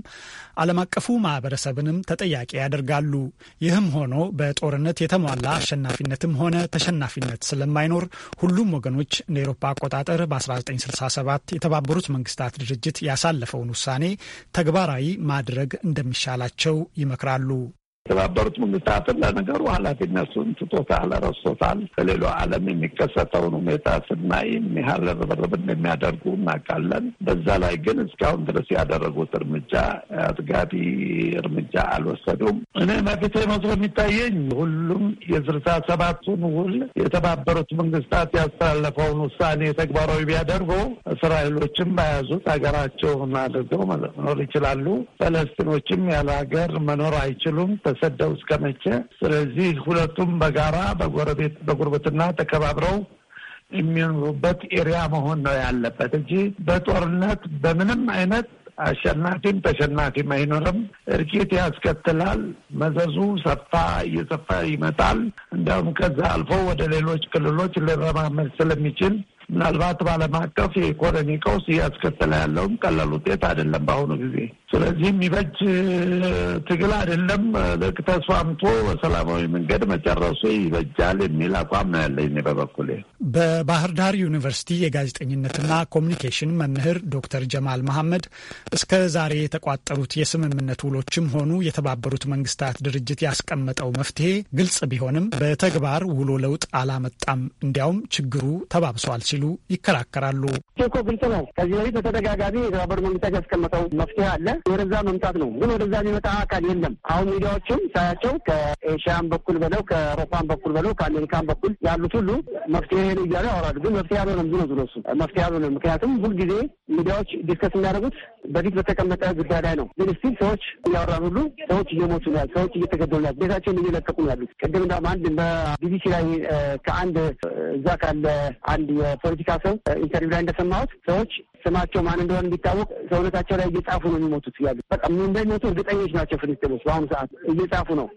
[SPEAKER 1] ዓለም አቀፉ ማህበረሰብንም ተጠያቂ ያደርጋሉ። ይህም ሆኖ በጦርነት የተሟላ አሸናፊነትም ሆነ ተሸናፊነት ስለማይኖር ሁሉም ወገኖች እንደ ኤሮፓ አቆጣጠር በ1967 የተባበሩት መንግስታት ድርጅት ያሳለፈውን ውሳኔ ተግባራዊ ማድረግ እንደሚሻላቸው ይመክራሉ።
[SPEAKER 6] የተባበሩት መንግስታትን ለነገሩ ኃላፊነቱን ትቶታል፣ ረስቶታል። ከሌላው ዓለም የሚከሰተውን ሁኔታ ስናይ ያህል ርብርብ እንደሚያደርጉ እናውቃለን። በዛ ላይ ግን እስካሁን ድረስ ያደረጉት እርምጃ አጥጋቢ እርምጃ አልወሰዱም። እኔ መፍትሄ መስሎ የሚታየኝ ሁሉም የስልሳ ሰባቱን ውል የተባበሩት መንግስታት ያስተላለፈውን ውሳኔ ተግባራዊ ቢያደርጉ እስራኤሎችም በያዙት ሀገራቸውን አድርገው መኖር ይችላሉ። ፈለስቲኖችም ያለ ሀገር መኖር አይችሉም። ተሰደው እስከ መቼ? ስለዚህ ሁለቱም በጋራ በጎረቤት በጉርብትና ተከባብረው የሚኖሩበት ኤሪያ መሆን ነው ያለበት እንጂ በጦርነት በምንም አይነት አሸናፊም ተሸናፊም አይኖርም። እርቂት ያስከትላል። መዘዙ ሰፋ እየሰፋ ይመጣል። እንዲያውም ከዛ አልፎ ወደ ሌሎች ክልሎች ሊረማመድ ስለሚችል ምናልባት በዓለም አቀፍ የኢኮኖሚ ቀውስ እያስከተለ ያለውም ቀላል ውጤት አይደለም በአሁኑ ጊዜ። ስለዚህ የሚበጅ ትግል አይደለም። ልክ ተስማምቶ በሰላማዊ መንገድ መጨረሱ ይበጃል የሚል አቋም ነው ያለኝ እኔ በበኩሌ።
[SPEAKER 1] በባህር ዳር ዩኒቨርሲቲ የጋዜጠኝነትና ኮሚኒኬሽን መምህር ዶክተር ጀማል መሐመድ እስከ ዛሬ የተቋጠሩት የስምምነት ውሎችም ሆኑ የተባበሩት መንግስታት ድርጅት ያስቀመጠው መፍትሄ ግልጽ ቢሆንም በተግባር ውሎ ለውጥ አላመጣም፣ እንዲያውም ችግሩ ተባብሷል ሲሉ ይከራከራሉ።
[SPEAKER 10] እኮ ግልጽ ነው። ከዚህ በፊት በተደጋጋሚ የተባበሩ መንግስታት ያስቀመጠው መፍትሄ አለ፣ ወደዛ መምጣት ነው። ግን ወደዛ የሚመጣ አካል የለም። አሁን ሚዲያዎችም ሳያቸው ከኤሽያን በኩል በለው ከአውሮፓን በኩል በለው ከአሜሪካን በኩል ያሉት ሁሉ መፍትሄ ነው እያሉ ያወራሉ። ግን መፍትሄ አልሆነም። ዝነ ዝነ እሱ መፍትሄ አልሆነም። ምክንያቱም ሁልጊዜ ሚዲያዎች ዲስከስ የሚያደርጉት በፊት በተቀመጠ ጉዳይ ላይ ነው። ግን ስቲል ሰዎች እያወራን ሁሉ ሰዎች እየሞቱ ነው ያሉት፣ ሰዎች እየተገደሉ ያሉ፣ ቤታቸውን እየለቀቁ ነው ያሉት። ቅድም እንዳውም አንድ በቢቢሲ ላይ ከአንድ እዛ ካለ አንድ የ ፖለቲካ ሰው ኢንተርቪው ላይ እንደሰማሁት ሰዎች ስማቸው ማን እንደሆነ እንዲታወቅ ሰውነታቸው ላይ እየጻፉ ነው የሚሞቱት እያሉ በቃ እንደሚሞቱ እርግጠኞች ናቸው ፍልስጤሞች በአሁኑ ሰዓት እየጻፉ ነው።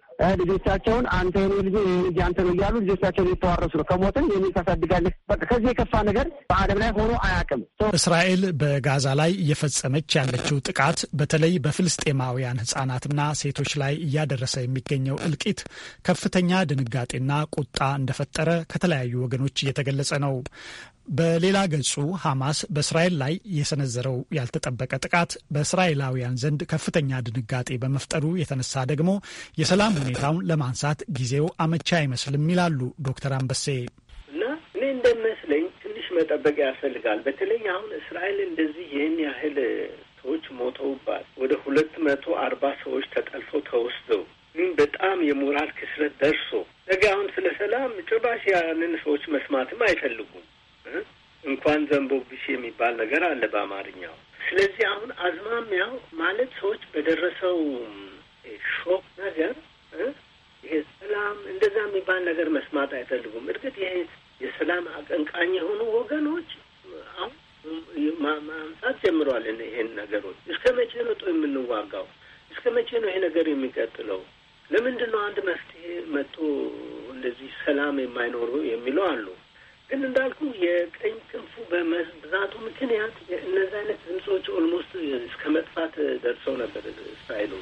[SPEAKER 10] ልጆቻቸውን አንተ የኔ ልጅ ልጅ አንተ ነው እያሉ ልጆቻቸውን እየተዋረሱ ነው። ከሞትን የኔ ታሳድጋለህ። በቃ ከዚህ የከፋ ነገር በዓለም ላይ ሆኖ አያውቅም።
[SPEAKER 1] እስራኤል በጋዛ ላይ እየፈጸመች ያለችው ጥቃት በተለይ በፍልስጤማውያን ህጻናትና ሴቶች ላይ እያደረሰ የሚገኘው እልቂት ከፍተኛ ድንጋጤና ቁጣ እንደፈጠረ ከተለያዩ ወገኖች እየተገለጸ ነው። በሌላ ገጹ ሐማስ በእስራኤል ላይ የሰነዘረው ያልተጠበቀ ጥቃት በእስራኤላውያን ዘንድ ከፍተኛ ድንጋጤ በመፍጠሩ የተነሳ ደግሞ የሰላም ሁኔታውን ለማንሳት ጊዜው አመቻ አይመስልም ይላሉ ዶክተር አንበሴ።
[SPEAKER 14] እና እኔ እንደሚመስለኝ ትንሽ መጠበቅ ያስፈልጋል። በተለይ አሁን እስራኤል እንደዚህ ይህን ያህል ሰዎች ሞተውባት ወደ ሁለት መቶ አርባ ሰዎች ተጠልፈው ተወስደው ግን በጣም የሞራል ክስረት ደርሶ ነገ አሁን ስለ ሰላም ጭራሽ ያንን ሰዎች መስማትም አይፈልጉም። እንኳን ዘንቦብሽ የሚባል ነገር አለ በአማርኛው። ስለዚህ አሁን አዝማሚያው ማለት ሰዎች በደረሰው ሾክ ነገር ይሄ ሰላም እንደዛ የሚባል ነገር መስማት አይፈልጉም። እርግጥ ይሄ የሰላም አቀንቃኝ የሆኑ ወገኖች አሁን ማምጣት ጀምረዋል ይሄን ነገሮች። እስከ መቼ ነው ጦ የምንዋጋው? እስከ መቼ ነው ይሄ ነገር የሚቀጥለው? ለምንድን ነው አንድ መፍትሄ መጥቶ እንደዚህ ሰላም የማይኖሩ የሚለው አሉ። ግን እንዳልኩ የቀኝ ክንፉ በመብዛቱ ምክንያት እነዚህ አይነት ድምፆች ኦልሞስት እስከ መጥፋት ደርሰው ነበር ስታይሉ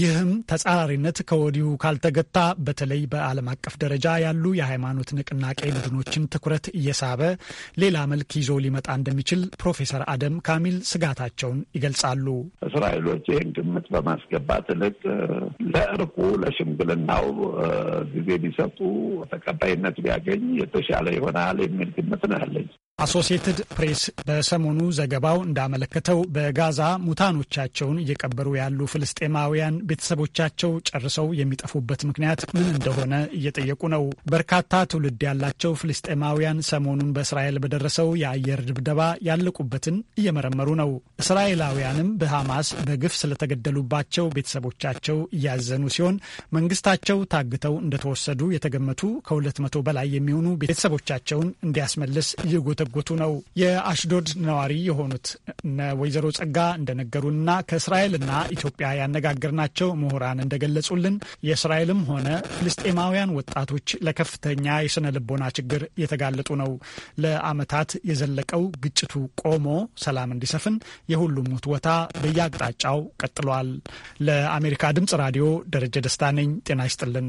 [SPEAKER 1] ይህም ተጻራሪነት ከወዲሁ ካልተገታ በተለይ በዓለም አቀፍ ደረጃ ያሉ የሃይማኖት ንቅናቄ ቡድኖችን ትኩረት እየሳበ ሌላ መልክ ይዞ ሊመጣ እንደሚችል ፕሮፌሰር አደም ካሚል ስጋታቸውን ይገልጻሉ።
[SPEAKER 6] እስራኤሎች ይህን ግምት በማስገባት ልክ ለእርቁ ለሽምግልናው ጊዜ ቢሰጡ ተቀባይነት ቢያገኝ የተሻለ ይሆናል የሚል ግምት ነው ያለኝ።
[SPEAKER 1] አሶሲየትድ ፕሬስ በሰሞኑ ዘገባው እንዳመለከተው በጋዛ ሙታኖቻቸውን እየቀበሩ ያሉ ፍልስጤማውያን ቤተሰቦቻቸው ጨርሰው የሚጠፉበት ምክንያት ምን እንደሆነ እየጠየቁ ነው። በርካታ ትውልድ ያላቸው ፍልስጤማውያን ሰሞኑን በእስራኤል በደረሰው የአየር ድብደባ ያለቁበትን እየመረመሩ ነው። እስራኤላውያንም በሐማስ በግፍ ስለተገደሉባቸው ቤተሰቦቻቸው እያዘኑ ሲሆን መንግስታቸው ታግተው እንደተወሰዱ የተገመቱ ከሁለት መቶ በላይ የሚሆኑ ቤተሰቦቻቸውን እንዲያስመልስ እየጎተ እየጎተጎቱ ነው። የአሽዶድ ነዋሪ የሆኑት እነ ወይዘሮ ጸጋ እንደነገሩንና ከእስራኤልና ኢትዮጵያ ያነጋገርናቸው ምሁራን እንደገለጹልን የእስራኤልም ሆነ ፍልስጤማውያን ወጣቶች ለከፍተኛ የስነ ልቦና ችግር የተጋለጡ ነው። ለአመታት የዘለቀው ግጭቱ ቆሞ ሰላም እንዲሰፍን የሁሉም ውትወታ በየአቅጣጫው ቀጥሏል። ለአሜሪካ ድምጽ ራዲዮ ደረጀ ደስታ ነኝ። ጤና ይስጥልን።